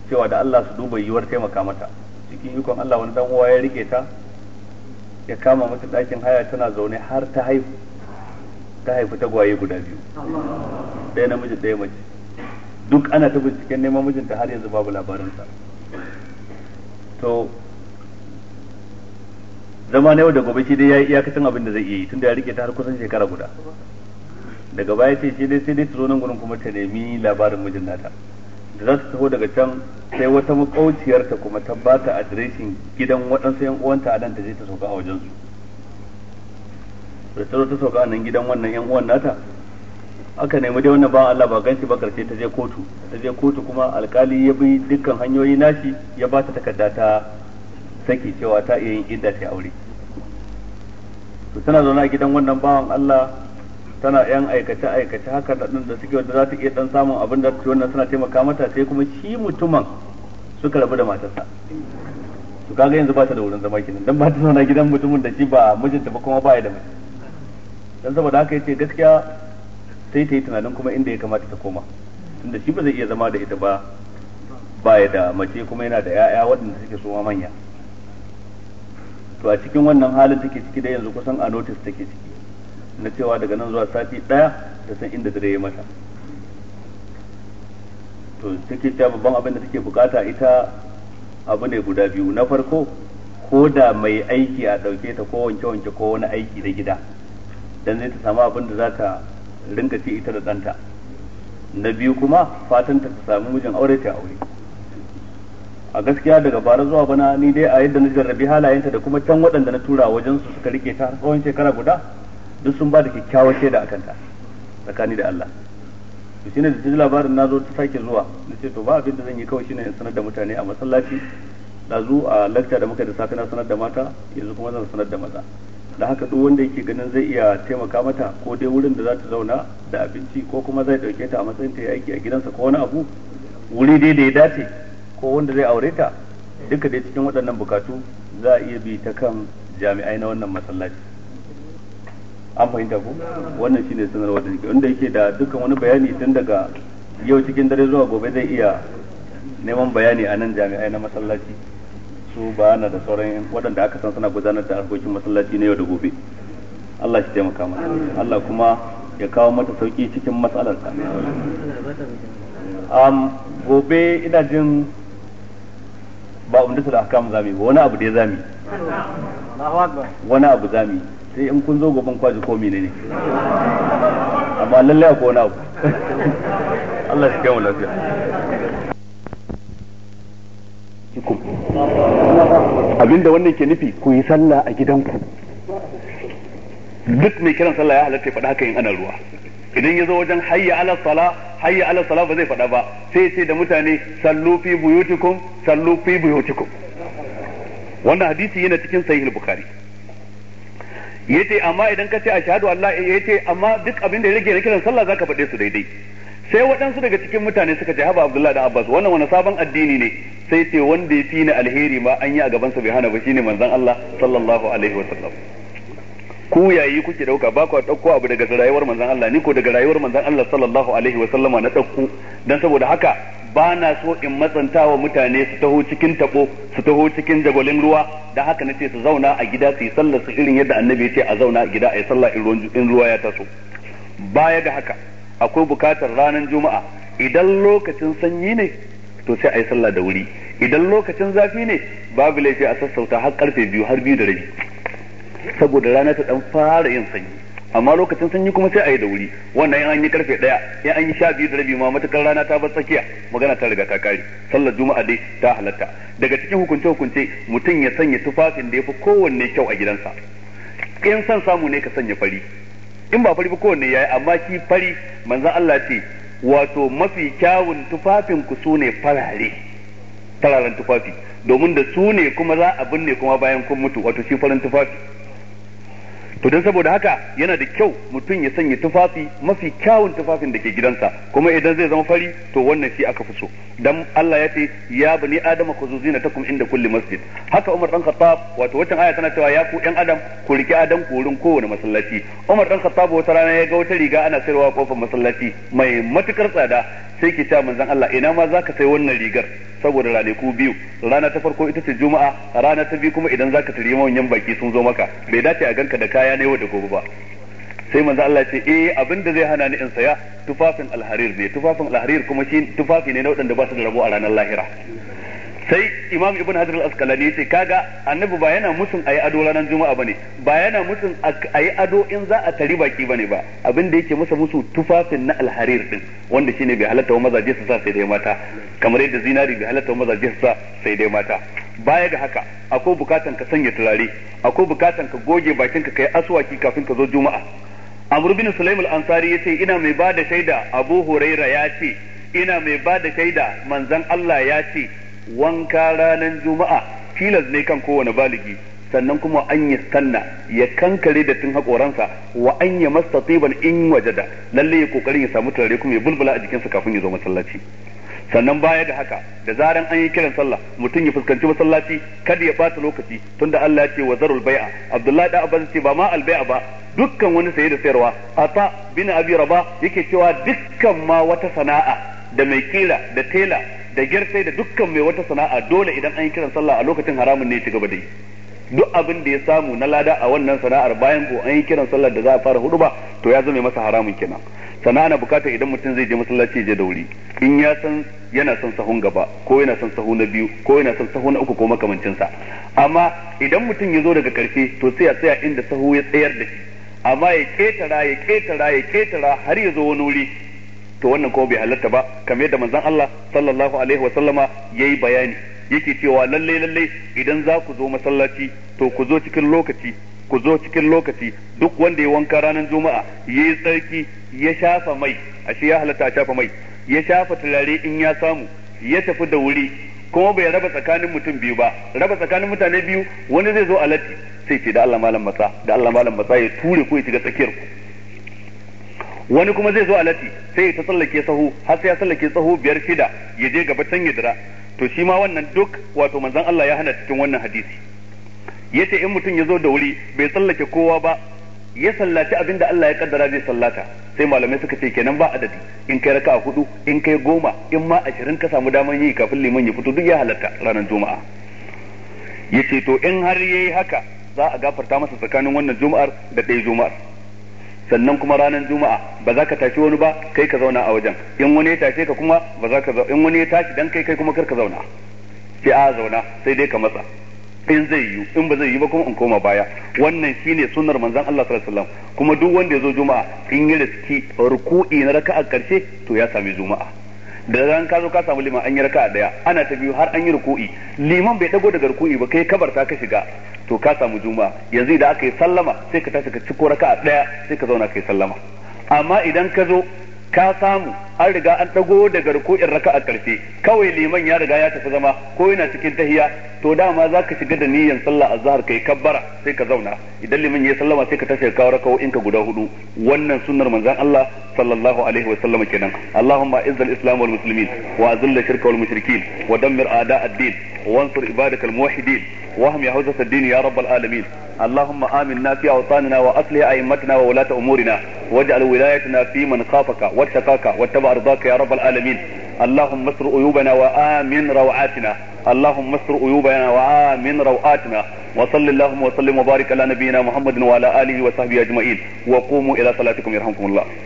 cewa da Allah su duba yiwuwar taimaka mata cikin ikon Allah wani dan uwa ya rike ta ya kama mata ɗakin haya tana zaune har ta haihu ta haifi gwaye guda biyu ɗaya namiji ɗaya mace duk ana ta binciken neman mijinta har yanzu babu labarinsa to zama na yau da gobe shi dai ya yi iyakacin abin da zai iya yi tunda ya rike ta har kusan shekara guda daga baya ce shi dai sai dai ta zo nan gurin kuma ta nemi labarin mijin nata da za su taho daga can sai wata makauciyarta kuma ta ba ta adireshin gidan waɗansu yan uwanta a nan ta je ta sauka a wajen da ta ta sauka a nan gidan wannan yan uwan nata aka nemi dai wannan ba Allah ba ganshi ba karshe ta je kotu ta je kotu kuma alkali ya bi dukkan hanyoyi nashi ya ba ta takarda ta take cewa ta iya yin idda ta aure to tana zaune a gidan wannan bawan Allah tana yan aikace aikace haka da da suke wanda za ta iya dan samun abin da ta wannan suna taimaka mata sai kuma shi mutumin suka rabu da matarsa to kaga yanzu ba ta da wurin zama kenan dan ba ta zauna gidan mutumin da shi ba mijinta ba kuma ba ya da miji dan saboda haka yace gaskiya sai ta yi tunanin kuma inda ya kamata ta koma tunda shi ba zai iya zama da ita ba ba ya da mace kuma yana da 'ya'ya waɗanda suke suma manya to a cikin wannan halin take ciki da yanzu kusan a notice take ciki na cewa daga nan zuwa sati daya ta san inda dare ya mata to take cewa babban abin da take bukata ita abu ne guda biyu na farko ko da mai aiki a ɗauke ta ko wanke wanke ko wani aiki da gida dan zai ta samu abin da za ta rinka ci ita da ɗanta na biyu kuma fatan ta samu mijin aure ta aure a gaskiya daga bara zuwa bana ni dai a yadda na jarrabi halayenta da kuma can waɗanda na tura wajen su suka rike ta har tsawon shekara guda duk sun ba da kyakkyawar shaida akan ta tsakani da Allah to shine da labarin na zo ta sake zuwa na ce to ba abin da zan yi kawai shine in sanar da mutane a masallaci dazu a lakta da muka da saka na sanar da mata yanzu kuma zan sanar da maza da haka duk wanda yake ganin zai iya taimaka mata ko dai wurin da za ta zauna da abinci ko kuma zai dauke ta a matsayin ta aiki a gidansa ko wani abu wuri dai da ya dace ko wanda zai aure ta duka dai cikin waɗannan bukatu za a iya bi ta kan jami'ai na wannan masallaci an fahimta ko wannan shine sanarwar da yake wanda yake da dukkan wani bayani tun daga yau cikin dare zuwa gobe zai iya neman bayani a nan jami'ai na masallaci su ba na da sauran waɗanda aka san suna gudanar da harkokin masallaci na yau da gobe Allah shi taimaka mata Allah kuma ya kawo mata sauki cikin matsalarsa. gobe ina jin ba umdatul ahkam zami ba wani abu da ya zami wani abu zami sai in kun zo gaban kwaji ko menene amma lallai akwai wani abu Allah shi kai lafiya abinda wannan ke nufi ku yi sallah a gidanku duk mai kiran sallah ya halatta ya faɗa haka yin ana ruwa idan ya zo wajen hayya ala sala hayya ala sala ba zai faɗa ba sai ce da mutane sallu fi buyutikum sallu fi buyutikum wannan hadisi yana cikin sahih bukhari yace amma idan ka ce ashhadu Allah yace amma duk abin da ya rage na kiran sallah zaka faɗe su daidai sai waɗansu daga cikin mutane suka ce haba Abdullahi da Abbas wannan wani sabon addini ne sai ce wanda ya fi ni alheri ma an yi a gaban sa bai hana ba shine manzon Allah sallallahu alaihi wasallam ku yayi kuke dauka ba ku dauko abu daga rayuwar manzon Allah ni ko daga rayuwar manzon Allah sallallahu alaihi wa sallama na dauko dan saboda haka ba na so in matsantawa mutane su taho cikin tabo su taho cikin jagwalin ruwa da haka nace su zauna a gida su yi sallar su irin yadda annabi ya ce a zauna a gida a yi sallah in ruwa ya taso baya ga haka akwai bukatar ranar juma'a idan lokacin sanyi ne to sai a yi sallah da wuri idan lokacin zafi ne babu laifi a sassauta har karfe biyu har biyu da rabi saboda rana ta dan fara yin sanyi amma lokacin sanyi kuma sai a yi da wuri wannan in an yi karfe daya in an yi sha biyu da rabi ma matukar rana ta bar tsakiya magana ta riga ta kare sallar juma'a dai ta halatta daga cikin hukunce hukunce mutum ya sanya tufafin da ya fi kowanne kyau a gidansa in san samu ne ka sanya fari in ba fari ba kowanne yayi amma ki fari manzon Allah ce wato mafi kyawun tufafin ku sune farare fararen tufafi domin da su ne kuma za a binne kuma bayan kun mutu wato shi farin tufafi to don saboda haka yana da kyau mutum ya sanya tufafi mafi kyawun tufafin da ke gidansa kuma idan zai zama fari to wannan shi aka fi so dan Allah ya ce ya bani adama ku zuzina takum inda kulli masjid haka Umar dan Khattab wato wannan aya tana cewa ya ku ɗan adam ku riki adam ku wurin kowane masallaci Umar dan Khattab wata rana ya ga wata riga ana sayarwa kofar masallaci mai matukar tsada sai ki ta manzon Allah ina ma zaka sai wannan rigar saboda ranaku biyu rana ta farko ita ce juma'a rana ta biyu kuma idan zaka tare manyan baki sun zo maka bai dace a ganka da kaya na yau da gobe ba sai manzo Allah ce eh abin da zai hana ni in saya tufafin alharir ne tufafin alharir kuma shi tufafi ne na waɗanda ba su da rabo a ranar lahira sai imam ibn hajar al-asqalani ce kaga annabi ba yana musun ayi ado ranar juma'a bane ba yana musun ayi ado in za a tari baki bane ba abin da yake masa musu tufafin na alharir din wanda shine bai halatta wa mazaje su sa sai dai mata kamar yadda zinari bai halatta wa mazaje su sa sai dai mata baya ga haka akwai bukatan ka sanya turare akwai bukatan ka goge bakin ka kai aswaki kafin ka zo juma'a amr bin sulaim al-ansari yace ina mai bada shaida abu huraira yace ina mai bada shaida Manzan Allah yace wanka ranar juma'a tilas ne kan kowane baligi sannan kuma an yi sanna ya kankare da tun haƙoransa wa an yi masa tsiban in wajada lalle ya kokarin ya samu turare kuma ya bulbula a jikinsa kafin ya zo masallaci sannan baya da haka da zaran an yi kiran sallah mutum ya fuskanci masallaci kada ya bata lokaci tunda Allah ya ce wa zarul bai'a Abdullahi da Abbas ce ba ma al bai'a ba dukkan wani saye da sayarwa ata bin abi raba yake cewa dukkan ma wata sana'a da mai kira da tela da girsai da dukkan mai wata sana'a dole idan an yi kiran sallah a lokacin haramun ne ya ci gaba da yi duk abin da ya samu na lada a wannan sana'ar bayan ko an yi kiran sallar da za a fara hudu ba to ya zama masa haramun kenan sana'a na bukata idan mutum zai je masallaci je da wuri in ya san yana son sahun gaba ko yana son sahu na biyu ko yana son sahu na uku ko makamancin sa amma idan mutum ya zo daga karshe to sai ya tsaya inda sahu ya tsayar da shi amma ya ketara ya ketara ya ketara har ya zo wani wuri to wannan kuma bai halatta ba kamar yadda manzon Allah sallallahu alaihi wa sallama yayi bayani yake cewa lalle lalle idan za ku zo masallaci to ku zo cikin lokaci ku zo cikin lokaci duk wanda ya wanka ranar juma'a yayi tsarki ya shafa mai ashe ya halatta a shafa mai ya shafa turare in ya samu ya tafi da wuri kuma bai raba tsakanin mutum biyu ba raba tsakanin mutane biyu wani zai zo a latti sai ce da Allah malam matsa da Allah malam matsa ya ture ku ya shiga tsakiyar ku wani kuma zai zo a lati sai ya ta tsallake sahu har sai ya tsallake sahu biyar shida ya je gaba can ya dira to shi ma wannan duk wato manzon Allah ya hana cikin wannan hadisi yace in mutum ya zo da wuri bai tsallake kowa ba ya sallaci abinda Allah ya kaddara zai sallata sai malamai suka ce kenan ba adadi in kai raka hudu in kai goma in ma ashirin ka samu daman yi kafin liman ya fito duk ya halatta ranar juma'a yace to in har yayi haka za a gafarta masa tsakanin wannan juma'ar da ɗaya juma'ar sannan kuma ranar juma'a ba za ka tashi wani ba kai ka zauna a wajen in wani ya tashe ka kuma ba za ka in wani ya tashi dan kai kai kuma kar ka zauna sai a zauna sai dai ka matsa in zai yi in ba zai yi ba kuma in koma baya wannan shine sunnar manzon Allah sallallahu alaihi wasallam kuma duk wanda ya zo juma'a in yi riski ruku'i na raka'a karshe to ya sami juma'a da ran ka zo ka samu liman an yi a daya ana ta biyu har an yi ruku'i liman bai dago daga ruku'i ba kai kabarta ka shiga to ka samu juma yanzu idan aka yi sallama sai ka tashi ka ciko a daya sai ka zauna kai sallama amma idan ka zo ka samu an riga an dago daga raka a karfe kawai liman ya riga ya tafi zama ko yana cikin tahiya to dama za ka shiga da niyyar sallah azhar kai kabbara sai ka zauna idan liman ya sallama sai ka tafi ka kawo raka ka guda hudu wannan sunnar manzon Allah sallallahu alaihi wa sallam kenan Allahumma izzil islam wal muslimin wa azil shirka wal mushrikin wa dammir a'da ad-din wa ansur ibadakal muwahhidin وهم يا الدين يا رب العالمين اللهم آمنا في أوطاننا وأصلح أئمتنا وولاة أمورنا واجعل ولايتنا في من خافك واتقاك واتبع رضاك يا رب العالمين اللهم استر عيوبنا وآمن روعاتنا اللهم استر عيوبنا وآمن روعاتنا وصل اللهم وسلم وبارك على نبينا محمد وعلى آله وصحبه أجمعين وقوموا إلى صلاتكم يرحمكم الله